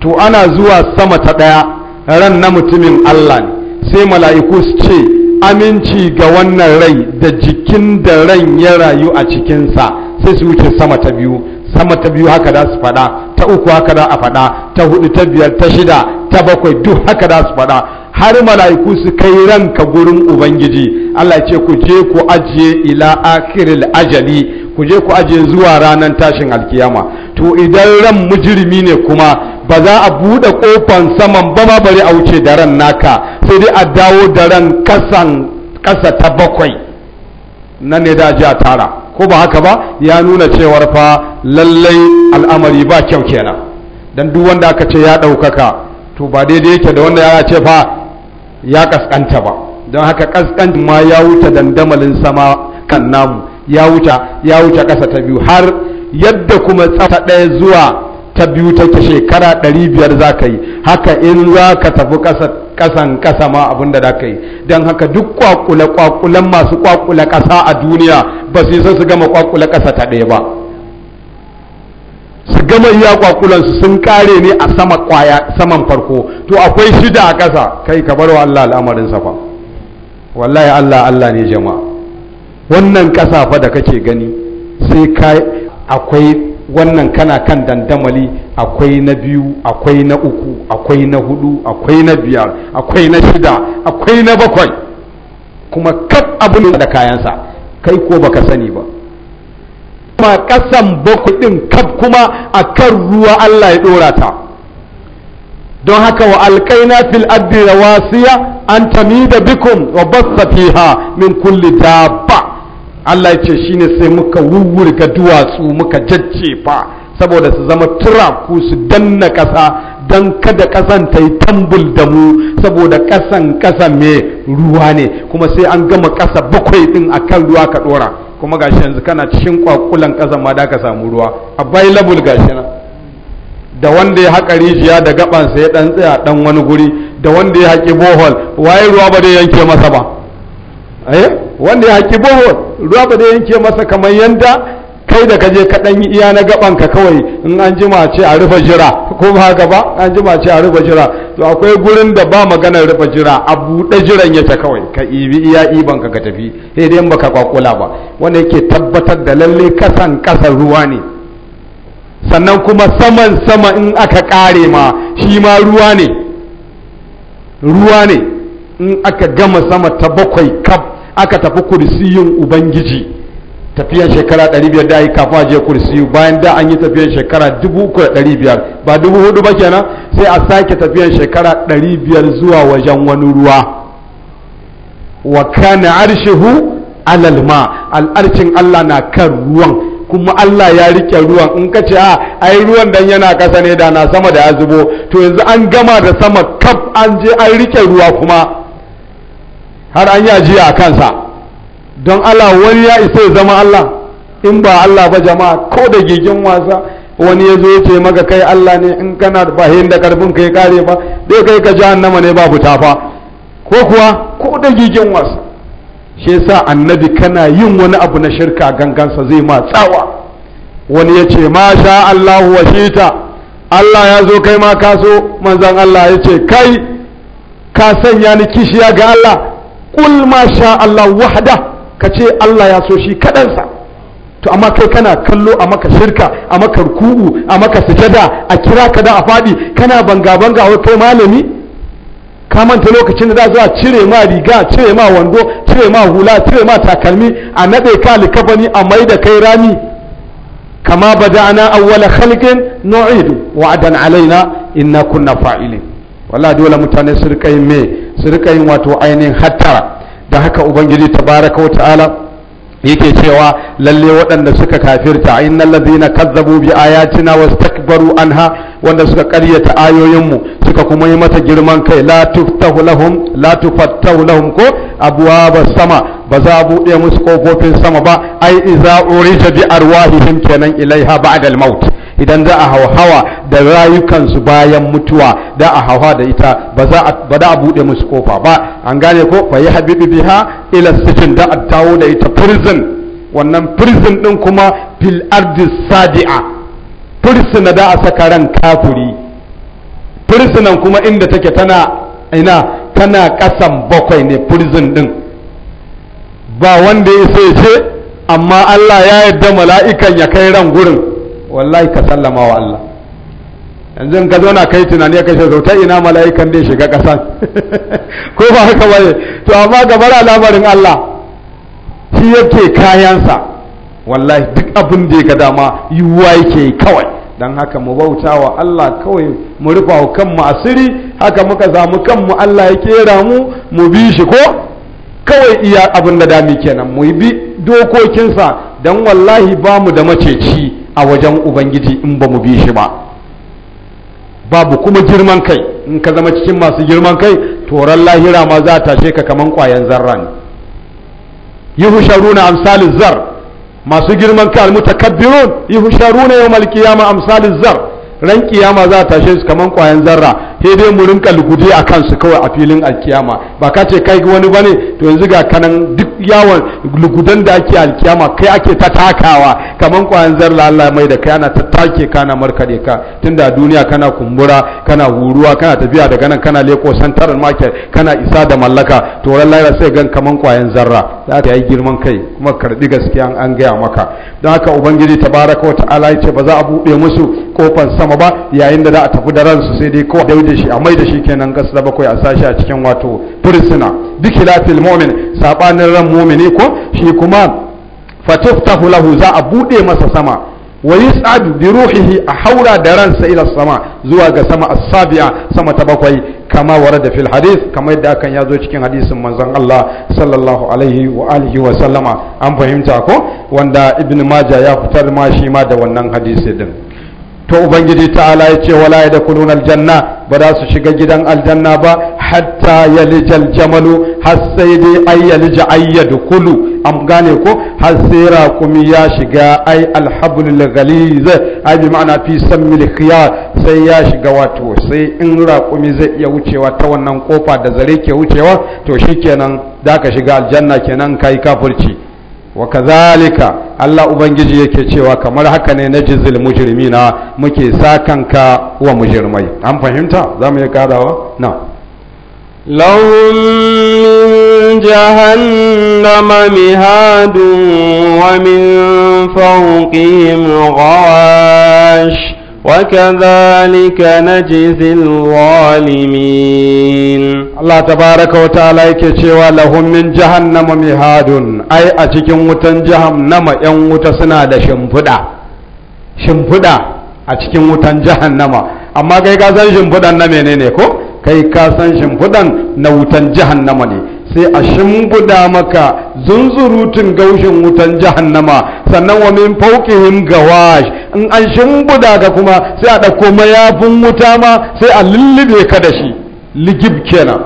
to ana zuwa sama ta ɗaya ran na mutumin Allah ne sai mala'iku su ce aminci ga wannan rai da jikin da ran ya rayu a cikinsa sai su wuce sama ta biyu sama ta biyu haka da su faɗa ta uku haka da a faɗa ta hudu ta biyar ta shida ta bakwai duk haka da su faɗa har mala'iku su kai ranka gurin ubangiji Allah ce ku je ku ajiye ila akhiril ajali ku je ku ajiye zuwa ranar tashin alkiyama to idan ran mujirmi ne kuma ba za a buɗe ƙofan saman ba ma bari a wuce da ran naka sai dai a dawo da ran kasan ƙasa ta bakwai nan ne da a tara ko ba haka ba ya nuna cewar fa lallai al'amari ba kyau kenan dan duk wanda aka ce ya ɗaukaka to ba daidai yake da wanda ya ce fa ya kaskanta ba don haka kaskanta ma ya wuta dandamalin sama kan namu ya wuta ya wuta kasa ta biyu har yadda kuma tsata ɗaya zuwa ta biyu take shekara ɗari biyar za ka yi haka in za ka tafi kasan kasa ma abin da za ka yi don haka duk kwakula kwakulan masu kwakula kasa a duniya ba su yi su gama kwakula kasa ta ɗaya ba su gama iya kwakulansu sun kare ne a sama kwaya saman farko to akwai shida a ƙasa kai ka bar wa Allah al'amarin sa fa wallahi Allah Allah ne jama'a wannan ƙasa fa da kake gani sai kai akwai wannan kana kan dandamali akwai na biyu akwai na uku akwai na hudu akwai na biyar akwai na shida akwai na bakwai kuma kaf abin da kayansa kai ko baka sani ba ma kasan ɗin kaf kuma a kan ruwa Allah ya ɗora ta don haka wa alƙaina fil da wasiya an tamida bikum wa bassa fiha min kulli dabba Allah ya ce shine sai muka wuwurga duwatsu muka jajjefa saboda su zama turaku su danna ƙasa don kada ƙasan ta yi tambul da mu saboda ƙasan ƙasa mai ruwa ne kuma sai an gama ƙasa bakwai ɗin akan ruwa ka ɗora kuma gashi yanzu kana cikin kwakulan ƙasa ma da ka samu ruwa available gashi na da wanda ya haƙa rijiya da gabansa ya ɗan tsaya ɗan wani guri da wanda ya haƙi bohol waye ruwa ba dai yanke masa ba eh wanda ya haƙi bohol ruwa ba dai yanke masa kamar yanda kai da kaje ka dan yi iya na gaban ka kawai in an jima ce a rufe jira ko ba haka ba an jima ce a rufe jira to akwai gurin da ba maganar rufe jira a buɗe jiran yake kawai ka ibi iya iban ka tafi sai dai baka kwakula ba wanda yake tabbatar da lalle kasan kasan ruwa ne sannan kuma saman sama in aka kare ma shi ma ruwa ne ruwa ne in aka gama sama ta bakwai kaf aka tafi kursiyin ubangiji tafiyan shekara 500 da yi kafa je kursiyu bayan da an yi tafiyan shekara 3,500 ba 4,000 ba kenan sai a sake tafiyar shekara 500 zuwa wajen wani ruwa wa kana arshihu alal al'arcin Allah na kan ruwan kuma Allah ya rike ruwan in ka ce a ah, ai ruwan dan yana kasa ne da na sama da ya zubo to yanzu an gama da sama kaf an je an rike ruwa kuma har an yi ajiya a kansa don Allah wani ya isa ya zama Allah in ba Allah ba jama'a ko da gigin wasa wani ya zo ya ce maka kai Allah ne in kana ba da karfin kai kare ba dai kai ka jahannama ne ba fita fa ko kuwa ko da gigin wasa shi yasa annabi kana yin wani abu na shirka gangansa zai ma tsawa wani ya ce ma sha Allahu wa shita Allah ya zo kai ma ka so manzon Allah ya ce kai ka sanya ni kishiya ga Allah kul ma sha Allah wahda ka ce Allah ya so shi kaɗansa to amma kai kana kallo a maka shirka a maka ruku'u a maka sujada a kira ka da a faɗi kana banga banga wai kai malami ka manta lokacin da za a cire ma riga cire ma wando cire ma hula cire ma takalmi a naɗe ka likafani a mai da kai rami kama bada'ana awwala khalqin nu'idu wa'adan alaina inna kunna fa'ilin wala dole mutane su rika yin me su rika yin wato ainihin hattara da haka ubangiji tabaraka wa ta'ala yake cewa lalle waɗanda suka kafirta innal ladina kazzabu bi ayatina wastakbaru anha wanda suka ƙaryata ayoyinmu suka kuma yi mata girman kai la tuftahu lahum la tufattahu lahum ko abwaba sama ba za a buɗe musu kofofin sama ba ai iza urija bi arwahihim kenan ilaiha ba'da al-maut idan za a hauhawa da rayukansu bayan mutuwa da a hauha da ita ba za a buɗe musu kofa ba an gane ko fa yi habibi biha ila sitin da a tawo da ita prison wannan prison din kuma fil ardi sadi'a prison da a saka ran kafuri prison kuma inda take tana ina tana kasan bakwai ne prison din ba wanda ya sai ce amma Allah ya yarda mala'ikan ya kai ran gurin wallahi ka sallama wa Allah yanzu ka zauna kai tunani ka shiga ta ina mala'ikan da shiga kasan ko ba haka bane to amma bara labarin Allah shi yake kayansa wallahi duk abin da ya dama yiwuwa yake kawai don haka mu bauta wa Allah kawai mu rufa wa kanmu asiri haka muka samu kanmu Allah ya kera mu mu bi shi ko kawai iya abin da dami kenan mu bi dokokinsa dan wallahi ba mu da maceci a wajen ubangiji in ba mu bi shi ba babu kuma girman kai in ka zama cikin masu girman kai toron lahira ma za a tashe ka kaman kwayan zarra ne yuhsharuna amsalin zar masu girman kai almutakabbirun yuhsharuna yawmal qiyama amsalin zar ran kiyama za a tashe su kaman kwayan zarra sai dai mu rinka lugude a kansu kawai a filin alkiyama ba ka ce kai wani bane to yanzu ga kanan duk yawon lugudan da ake alkiyama kai ake ta takawa kaman kwayan zarla Allah mai da kai ana ta take kana markade ka tunda duniya kana kumbura kana huruwa kana tafiya daga nan kana leko santaran market kana isa da mallaka to wallahi ba sai gan kaman kwayan zarra za ta yi girman kai kuma karbi gaskiya an gaya maka don haka ubangiji tabaraka wa ta'ala ya ba za a buɗe musu kofan sama ba yayin da za a tafi da ransu sai dai kawai shi a mai da shi kenan gas da bakwai a sashi a cikin wato fursuna bikilafil mu'min sabanin ran mu'mini ko shi kuma fatuftahu lahu za a bude masa sama wa yus'adu bi ruhihi a haura da ransa ila sama zuwa ga sama a sabia sama ta bakwai kama da fil hadith kama yadda akan yazo cikin hadisin manzon Allah sallallahu alaihi wa alihi wa sallama an fahimta ko wanda ibn majah ya fitar ma shi ma da wannan hadisi din to ubangiji ta'ala ya ce wala ya da kulun aljanna ba za su shiga gidan aljanna ba hatta ya lijal jamalu har sai dai ai ya lija ai ya dukulu am gane ko har sai raƙumi ya shiga ai alhablul ghaliz ai bi ma'ana fi sammil khiyar sai ya shiga wato sai in raƙumi zai iya wucewa ta wannan kofa da zare ke wucewa to shikenan da ka shiga aljanna kenan kai kafirci wa kazalika Allah ubangiji yake cewa kamar haka ne na jizil mujrimina muke sakanka wa mujrimai an fahimta za mu yi karawa na lahum jahannama mihadun wa min fawqihim ghawash وكذلك نجزي الظالمين الله تبارك وتعالى يكشف لهم من جهنم مهاد أي أتكم وتن جهنم ين وتسنا شمفدا شمفدا أتكم وتن جهنم أما كي كاسان شمفدا نمينيني كو كي كاسان شمفدا نوتن جهنم ني sai a shimguda maka zunzurutun gaushin wutan jahannama sannan wa min fawqihim gawash in an shimguda ka kuma sai a ɗauko mayafin wuta ma sai a lullube ka da shi ligib kenan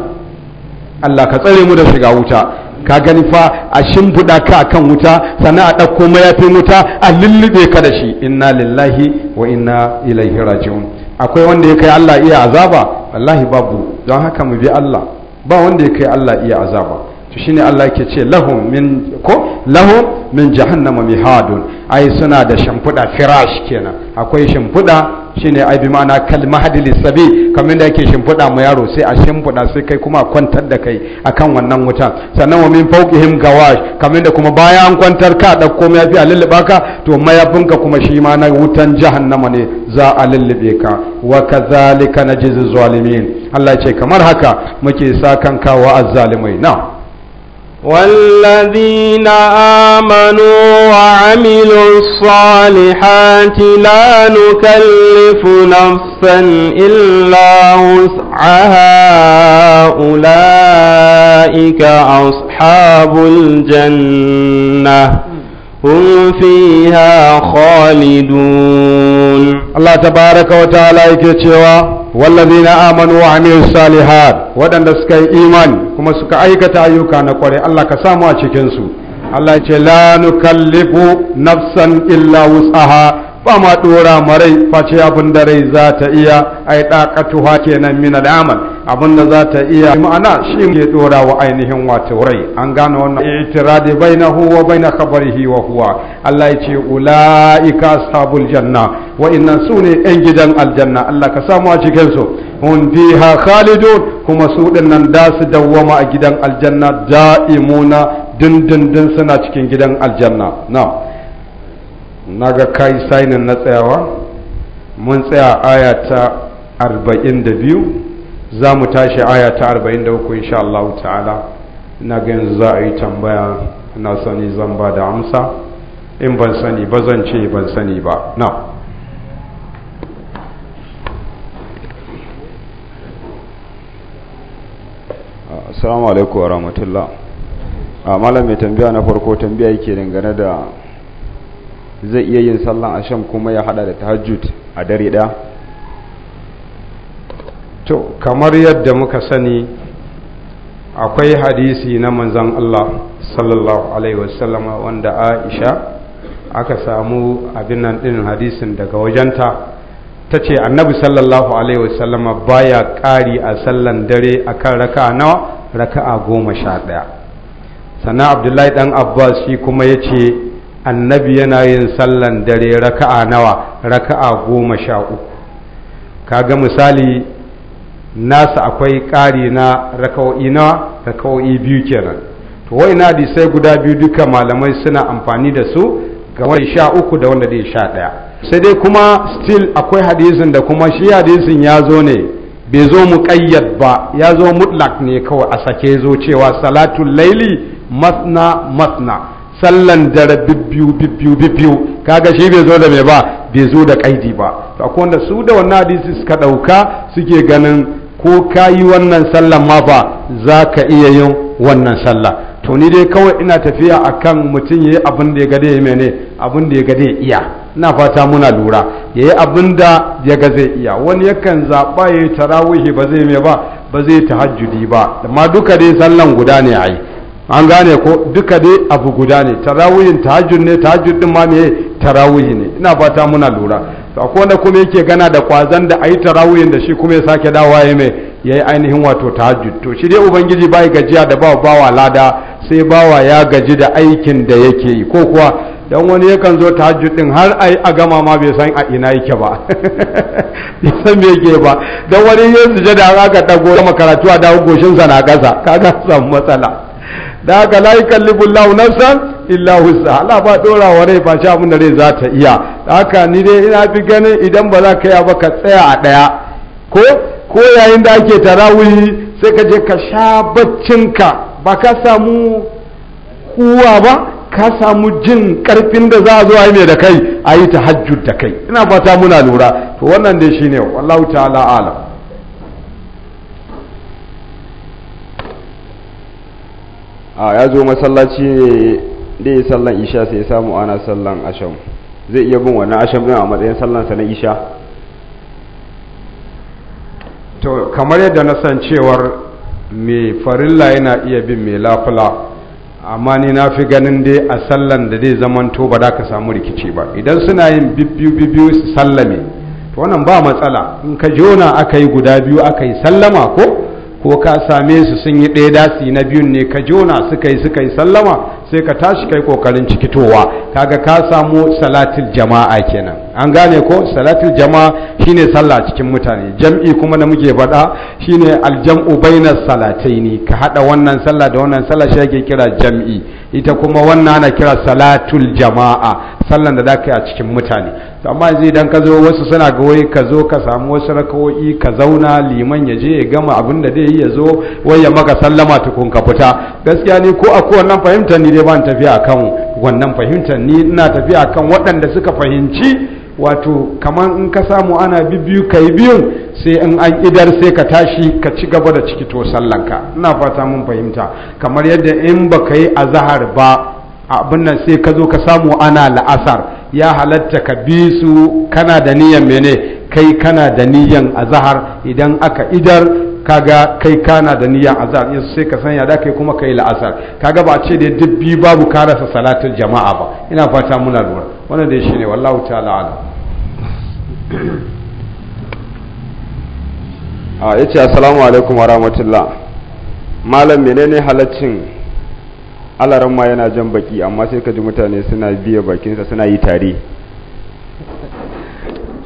Allah ka tsare mu da shiga wuta ka gani fa a shimfiɗa ka a kan wuta sannan a ɗauko mayafin wuta a lullube ka da shi inna lillahi wa inna ilaihi raji'un akwai wanda ya kai Allah iya azaba wallahi babu don haka mu bi Allah ba wanda ya kai Allah iya azaba to shine Allah yake ce lahum min ko lahum min jahannama mihadun ai suna da shimfiɗa firash kenan akwai shimfiɗa shine ai bi ma'ana kal mahdil sabi kamar da yake shimfuda mu yaro sai a shimfuda sai kai kuma kwantar da kai akan wannan wutan sannan wa min fawqihim gawash kamar da kuma bayan an kwantar ka dauko mayafi a lullube ka to mayafin ka kuma shi ma na wutan jahannama ne za a lullube ka wa kadhalika najzi zalimin Allah ce kamar haka muke sakan kawo azzalimai na والذين آمنوا وعملوا الصالحات لا نكلف نفسا إلا وسعها أولئك أصحاب الجنة هم فيها خالدون الله تبارك وتعالى يكتشوا والذين آمنوا وعملوا الصالحات ودن سكاي إيمان كما سكا أيكة أيوكا نقول الله كسامو أشكنسو الله يقول لا نكلف نفسا إلا وسعها ba ma dora marai face abin da rai za ta iya ai daqatuha kenan min al'amal abin da za ta iya ma'ana shi ke dora wa ainihin wato rai an gane wannan itiradi bainahu wa bain khabarihi wa huwa Allah ya ce ulaika sabul janna wa inna sune yan gidan aljanna Allah ka samu a cikin su hun fiha khalidun kuma su dinnan da su dawwama a gidan aljanna da'imuna dindindin suna cikin gidan aljanna na'am na ga kai sainin na tsayawa mun tsaya aya ta 42 za mu tashi aya ta 43 insha Allah ta'ala na ga yanzu za a yi tambaya na sani zan ba da amsa in ban sani ba zan ce ban sani ba na assalamu alaikum wa rahmatullah a ah, malam mai tambaya na farko tambaya yake dangane da zai iya yin sallan asham kuma ya hada da tahajjud a dare ɗaya to kamar yadda muka sani akwai hadisi na manzan Allah sallallahu alaihi wasallam wanda Aisha aka samu abin nan ɗin hadisin daga wajenta ta ce annabi sallallahu alaihi wasallam baya ƙari a sallan dare akan raka nawa raka'a goma sha ɗaya sannan abdullahi ɗan abbas shi kuma ya ce annabi yana yin sallan dare raka'a nawa raka'a goma sha uku kaga misali nasa akwai ƙari na raka'o'i na raka'o'i biyu kenan to wai na sai guda biyu duka malamai suna amfani da su ga wani sha uku da wanda dai sha ɗaya sai dai kuma still akwai hadisin da kuma shi hadisin ya zo ne bai zo mu ƙayyad ba ya zo mutlak ne kawai a sake zo cewa salatul laili masna masna sallan dare bibbiyu bibbiyu bibbiyu kaga shi bai zo da mai ba bai zo da kaidi ba to akwai wanda su da wannan hadisi suka dauka suke ganin ko kayi wannan sallan ma ba za ka iya yin wannan sallah to ni dai kawai ina tafiya akan mutum yayi abin da ya gade ya mene abin da ya gade ya iya ina fata muna lura yayi abin da ya ga zai iya wani yakan ya yi tarawihi ba zai mai ba ba zai tahajjudi ba amma duka dai sallan guda ne yi. an gane ko duka dai abu guda ne tarawihin tahajjud ne tahajjud din ma meye tarawihi ne ina fata muna lura to akwai wanda kuma yake gana da kwazan da ayi tarawihin da shi kuma ya sake dawa ya mai yayi ainihin wato tahajjud to shi dai ubangiji bai gajiya da ba bawa lada sai bawa ya gaji da aikin da yake yi ko kuwa dan wani yakan zo tahajjud din har ai a gama ma bai san a ina yake ba bai san me yake ba dan wani ya da aka dago makaratu a dawo goshin sa na kasa kaga san matsala da haka la yukallifu Allahu nafsan illa wusa Allah ba dora wa rai ba sha abin da rai za ta iya da haka ni dai ina fi ganin idan ba za ka yi ba ka tsaya a daya ko ko yayin da ake tarawihi sai ka je ka sha baccinka ba ka samu kuwa ba ka samu jin karfin da za a zo a yi mai da kai a yi tahajjud da kai ina fata muna lura to wannan dai shine wallahu ta'ala alam a ya zo masallaci ne da ya sallan isha sai ya samu ana sallan asham zai iya bin wannan asham ɗin a matsayin sallansa na isha to kamar yadda na san cewar mai farilla yana iya bin mai lafula amma ni na fi ganin dai a sallan da zai zaman to ba da ka samu rikici ba idan suna yin bibbiyu bibbiyu su sallame to wannan ba matsala in ka jona aka yi guda biyu aka yi sallama ko ko ka same su sun yi ɗaya dasi na biyun ne ka jona suka yi suka yi sallama sai ka tashi kai kokarin cikitowa kaga ka samu salatul jama'a kenan an gane ko salatul jama'a shine sallah cikin mutane jam'i kuma da muke faɗa shine aljam'u bainas salataini ka hada wannan sallah da wannan sallah shi ake kira jam'i ita kuma wannan ana kira salatul jama'a sallan da zaka yi a cikin mutane to amma yanzu idan ka zo wasu suna ga wai ka zo ka samu wasu rakawoyi ka zauna liman ya je ya gama abin da zai yi ya zo wai ya maka sallama tukun ka fita gaskiya ne ko a wannan fahimta ni dai ban tafiya kan wannan fahimtar ni ina tafiya kan waɗanda suka fahimci wato kamar in ka samu ana bibiyu ka yi biyun sai in an idar sai ka tashi ka ci gaba da ciki to sallanka ina fata mun fahimta kamar yadda in ba ka yi azahar ba abin nan sai ka zo ka samu ana la'asar ya halatta ka bi su kana da niyan mene kai kana da niyan azahar idan aka idar kaga kai kana da niyan azar in sai ka sanya da kai kuma kai la'asar kaga ba ce da dubbi babu karasa salatul jama'a ba ina fata muna lura wannan shi ne wallahu ta'ala ala a yace assalamu alaikum wa rahmatullah malam menene halaccin alaran ma yana jan baki amma sai ka ji mutane suna biya bakinsa suna yi tare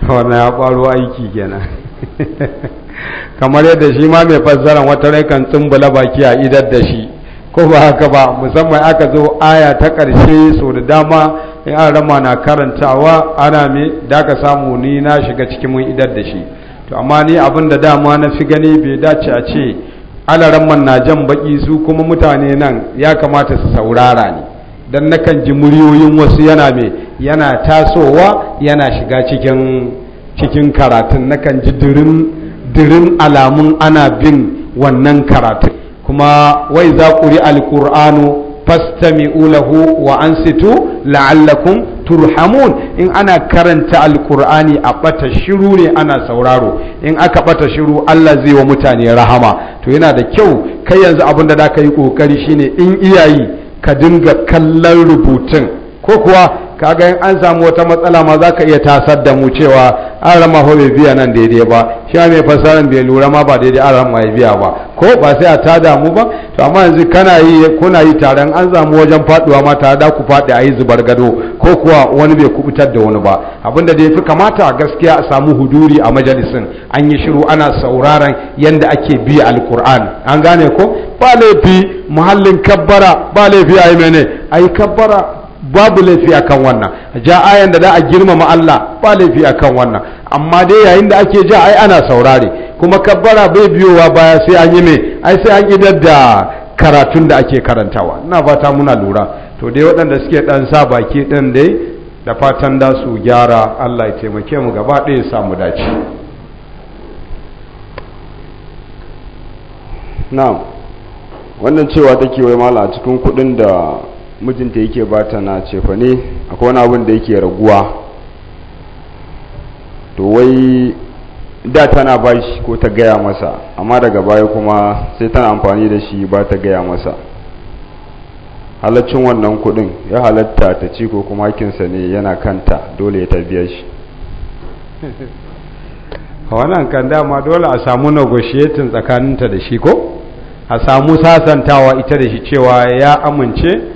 wannan ya faro aiki kenan kamar yadda shi ma mai fassara wata rai kan tsumbula baki a idar da shi ko ba haka ba musamman aka zo aya ta ƙarshe so da dama in an rama na karantawa ana me da samu ni na shiga cikin mun idar da shi to amma ni abin da dama na fi gani bai dace a ce alaramman na jan baki su kuma mutane nan ya kamata su saurara ne don nakan ji muryoyin wasu yana mai yana tasowa yana shiga cikin cikin karatun nakan ji dirin alamun ana bin wannan karatun kuma wai za ƙuri alƙur'anu fastami'u ulahu wa ansitu la'allakum turhamun in ana karanta alkur'ani a bata shiru ne ana sauraro in aka bata shiru Allah zai wa mutane rahama to yana da kyau kai yanzu abin da ka yi kokari shine in iyayi ka dinga kallon rubutun ko kuwa kaga in an samu wata matsala ma za ka iya tasar da mu cewa an rama ho bai biya nan daidai ba shi mai fasaran bai lura ma ba daidai an rama ya biya ba ko ba sai a tada mu ba to amma yanzu kana yi kuna yi taron an samu wajen faduwa ma tare da ku faɗi a yi zubar gado ko kuwa wani bai kubutar da wani ba abinda da ya fi kamata gaskiya a samu huduri a majalisin an yi shiru ana sauraron yadda ake bi alkur'an an gane ko ba laifi muhallin kabbara ba laifi a yi mene a yi kabbara babu laifi a kan wannan ja ayan da za a girmama Allah ba laifi a kan wannan amma dai yayin da ake ja ai ana saurare kuma kabbara bai biyowa baya sai an yi me ai sai an idar da karatun da ake karantawa ina fata muna lura to dai waɗanda suke ɗan sa baki ɗin dai da fatan da su gyara Allah ya taimake mu gaba ɗaya samu dace na'am wannan cewa take wai mala a cikin kuɗin da mijinta yake bata na cefa ne akwai wani abin da yake raguwa to wai da tana ba shi ko ta gaya masa amma daga baya kuma sai tana amfani da shi ba ta gaya masa halaccin wannan kudin ya halatta ta ci ko kuma hakinsa ne yana kanta dole ya tabiya shi a wannan kan dama dole a samu negotiating tsakaninta da shi ko a samu sasantawa ita da shi cewa ya amince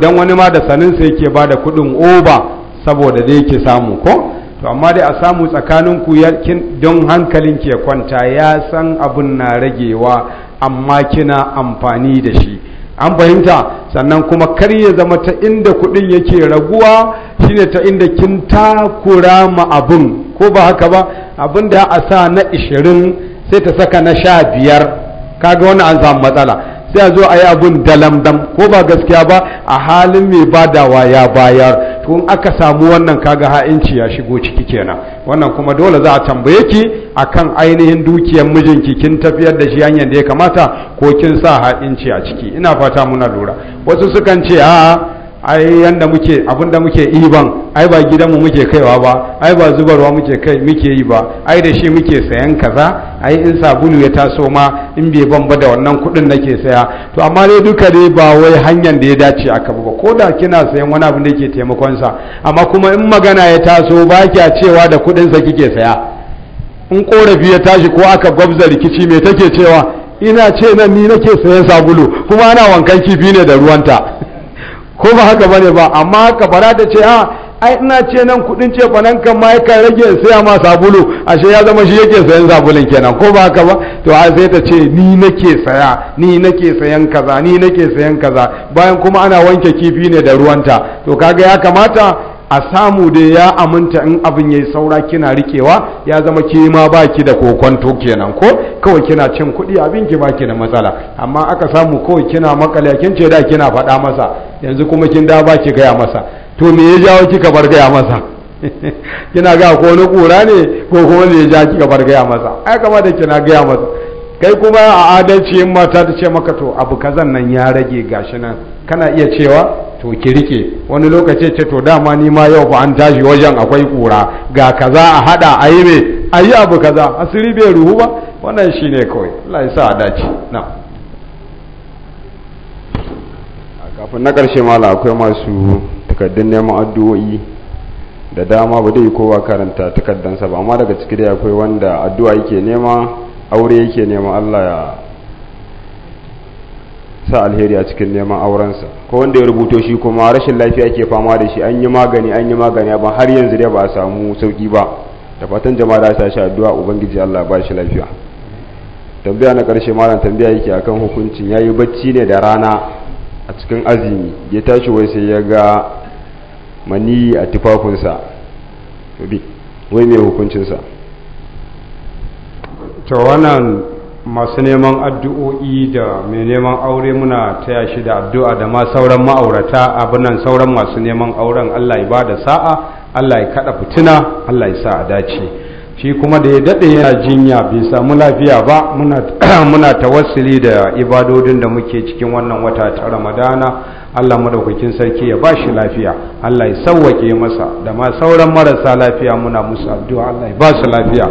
dan wani ma da saninsa yake ba da kuɗin oba saboda da yake samu ko to amma dai a samu tsakanin tsakaninku don hankalin ke kwanta ya san abin na ragewa amma kina amfani da shi an fahimta sannan kuma kar ya zama ta inda kuɗin yake raguwa shine ta inda kin takura ma abin ko ba haka ba abin da a sa na ishirin sai ta saka na sha biyar kaga wani an samu matsala sai a zo a yi abun dalamdam ko ba gaskiya ba a halin mai badawa ya bayar tun aka samu wannan kaga ha'inci ya shigo ciki kenan wannan kuma dole za a tambaye ki a kan ainihin dukiyar mijinki kin tafiyar da shi hanyar da ya kamata ko kin sa ha'inci a ciki ina fata muna lura wasu sukan ce a'a ai yanda muke abinda muke iban ai ba gidanmu muke kaiwa ba ai ba zubarwa muke kai muke yi ba ai da shi muke sayan kaza ai in sabulu ya taso ma in bai ban ba da wannan kuɗin nake saya to amma dai duka dai ba wai hanyar da ya dace aka ba ko da kina sayan wani abu da yake taimakon sa amma kuma in magana ya taso ba kya cewa da kuɗin sa kike saya in korafi ya tashi ko aka gwabza rikici me take cewa ina ce nan ni nake sayan sabulu kuma ana wankan kifi ne da ruwanta ko ba haka bane ba amma ka fara ta ce a ah, ai ina ce nan kudin ce fanan kan ma yakan rage saya ma sabulu ashe ya zama shi yake sayan sabulun kenan ko ba haka ba to a sai ta ce ni nake saya ni nake sayan kaza ni nake sayan kaza bayan kuma ana wanke kifi ne da ruwanta to kaga ya kamata a samu da ya aminta in abin ya yi saura kina rikewa ya zama ke ma ki da kokonto kenan ko kawai kina cin kuɗi abin ki baki da matsala amma aka samu kawai kina makale kin ce da kina faɗa masa yanzu kuma kin da ba ki gaya masa to me ya jawo kika bar gaya masa kina ga ko wani kura ne ko kuma ne ya ja kika bar gaya masa ai da kina gaya masa kai kuma a adalci in mata ta ce maka to abu kazan nan ya rage gashi nan kana iya cewa to ki rike wani lokaci ce to dama ni ma yau ba an tashi wajen akwai kura ga kaza a hada a yi me a yi abu kaza asiri bai ruhu ba wannan shi ne kawai Allah ya sa a dace na kafin na karshe mala akwai masu takaddun neman addu'o'i da dama ba dai kowa karanta takardansa ba amma daga ciki dai akwai wanda addu'a yake nema aure yake neman Allah ya sa alheri a cikin neman aurensa ko wanda ya rubuto shi kuma rashin lafiya ke fama da shi an yi magani an yi magani ba har yanzu dai ba a samu sauki ba da fatan jama'a da ta shi addu'a ubangiji Allah ba shi lafiya tambaya na karshe malam tambaya yake akan hukuncin yayi bacci ne da rana a cikin azumi ya tashi wai sai ya ga mani a tufafinsa wai mai hukuncinsa ta wannan masu neman addu'o'i da mai neman aure muna taya shi da addu'a da ma sauran ma'aurata abinan sauran masu neman auren Allah ya da sa'a Allah ya kaɗa fitina Allah ya sa a dace shi kuma da ya daɗe yana jinya bai samu lafiya ba muna ta wasili da ibadodin da muke cikin wannan wata ta Ramadana Allah madaukakin sarki ya ba shi lafiya Allah ya sauwaƙe masa da ma sauran marasa lafiya muna musu addu'a Allah ya ba su lafiya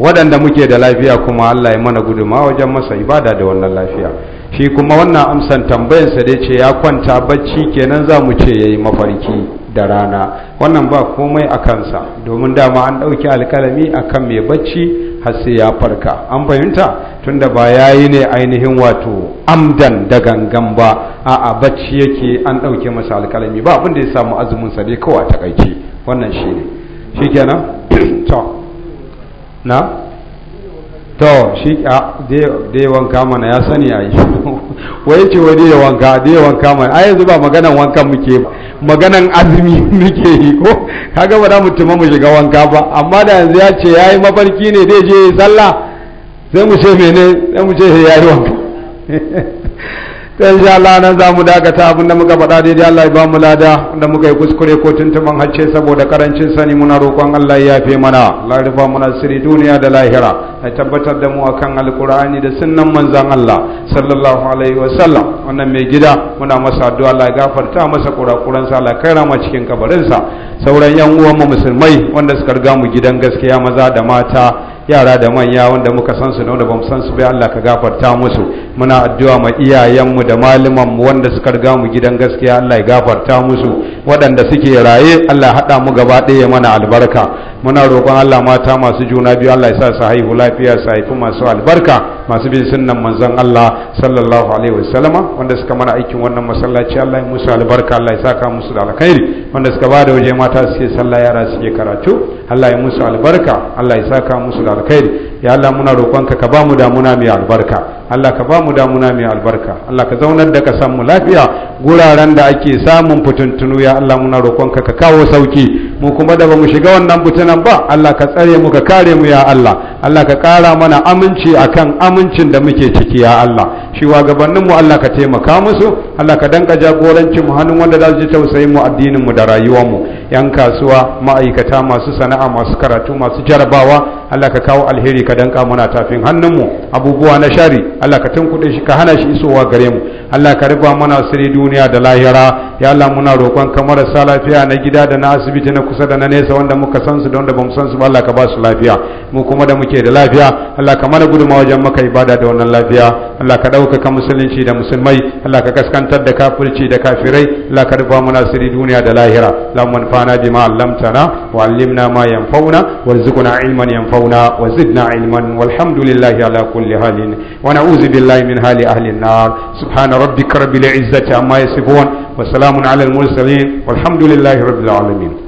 waɗanda muke da lafiya kuma Allah ya mana guduma wajen masa ibada da wannan lafiya shi kuma wannan amsan tambayansa dai ce ya kwanta bacci kenan za mu ce ya yi mafarki da rana wannan ba komai a kansa domin dama an ɗauki alkalami a kan mai bacci har sai ya farka an fahimta tunda ba ya yi ne ainihin wato amdan da gangan ba a'a bacci yake an ɗauke masa alkalami ba abin da ya samu azumin sa dai kawai a takaice wannan shi ne shi kenan to na to shi da ya wanka mana ya sani a yi wai ce wai da wanka da wanka mana a yanzu ba maganan wanka muke ba maganan azumi muke yi ko kaga ba da mutum mu shiga wanka ba amma da yanzu ya ce ya yi mafarki ne dai je sallah sai mu ce mene sai mu ce ya yi wanka sai insha Allah nan za mu dakata abinda muka faɗa daidai Allah ya ba mu lada da muka yi kuskure ko tuntuban hacce saboda karancin sani muna roƙon Allah ya yafe mana Allah rufa mana sirri duniya da lahira ya tabbatar da mu akan alkur'ani da sunnan manzan Allah sallallahu alaihi wa sallam wannan mai gida muna masa addu'a Allah ya gafarta masa kurakuransa Allah ya cikin kabarinsa sauran yan uwanmu musulmai wanda suka riga mu gidan gaskiya maza da mata yara da manya wanda muka san su da wanda bamu san su bai Allah ka gafarta musu muna addu'a ma iyayenmu da malamanmu wanda suka riga mu gidan gaskiya Allah ya gafarta musu waɗanda suke raye Allah ya haɗa mu gaba ɗaya mana albarka muna roƙon Allah mata masu juna biyu Allah ya sa su haihu lafiya su haifi masu albarka masu bin sunnan manzon Allah sallallahu alaihi wasallama wanda suka mana aikin wannan masallaci Allah ya musu albarka Allah ya saka musu da alkhairi wanda suka bada waje mata suke sallah yara suke karatu Allah ya musu albarka Allah ya saka musu da alkhairi ya Allah muna roƙonka ka ba mu damuna mai albarka Allah ka ba mu damuna mai albarka Allah ka zaunar da ka mu lafiya guraren da ake samun fitintunu ya Allah muna roƙonka ka kawo sauki mu kuma da bamu shiga wannan fitinan ba Allah ka tsare mu ka kare mu ya Allah Allah ka ƙara mana aminci akan amincin da muke ciki ya Allah shi shugabannin mu Allah ka taimaka musu Allah ka danka jagorancin mu hannun wanda za su ji tausayin mu addinin mu da rayuwar mu yan kasuwa ma'aikata masu sana'a masu karatu masu jarabawa Allah ka kawo alheri ka danka muna tafin hannunmu abubuwa na shari Allah ka tunkuɗe shi ka hana shi isowa gare mu Allah ka riba mana sirri duniya da lahira ya Allah muna roƙon ka marasa lafiya na gida da na asibiti na kusa da na nesa wanda muka san su da wanda bamu san su ba Allah ka ba su lafiya mu kuma da muke da lafiya Allah ka mana gudunmawa wajen maka ibada da wannan lafiya Allah ka ɗaukaka musulunci da musulmai Allah ka kaskantar da kafirci da kafirai Allah ka rufa mana sirri duniya da lahira Allahumma anfa'na ma 'allamtana wa 'allimna ma yanfa'una warzuqna 'ilman yanfa'una wa zidna 'ilman walhamdulillahi ala kulli halin wa na'udzu billahi min hali ahli an-nar subhana rabbika rabbil 'izzati amma yasifun wa salamun 'alal mursalin walhamdulillahi rabbil 'alamin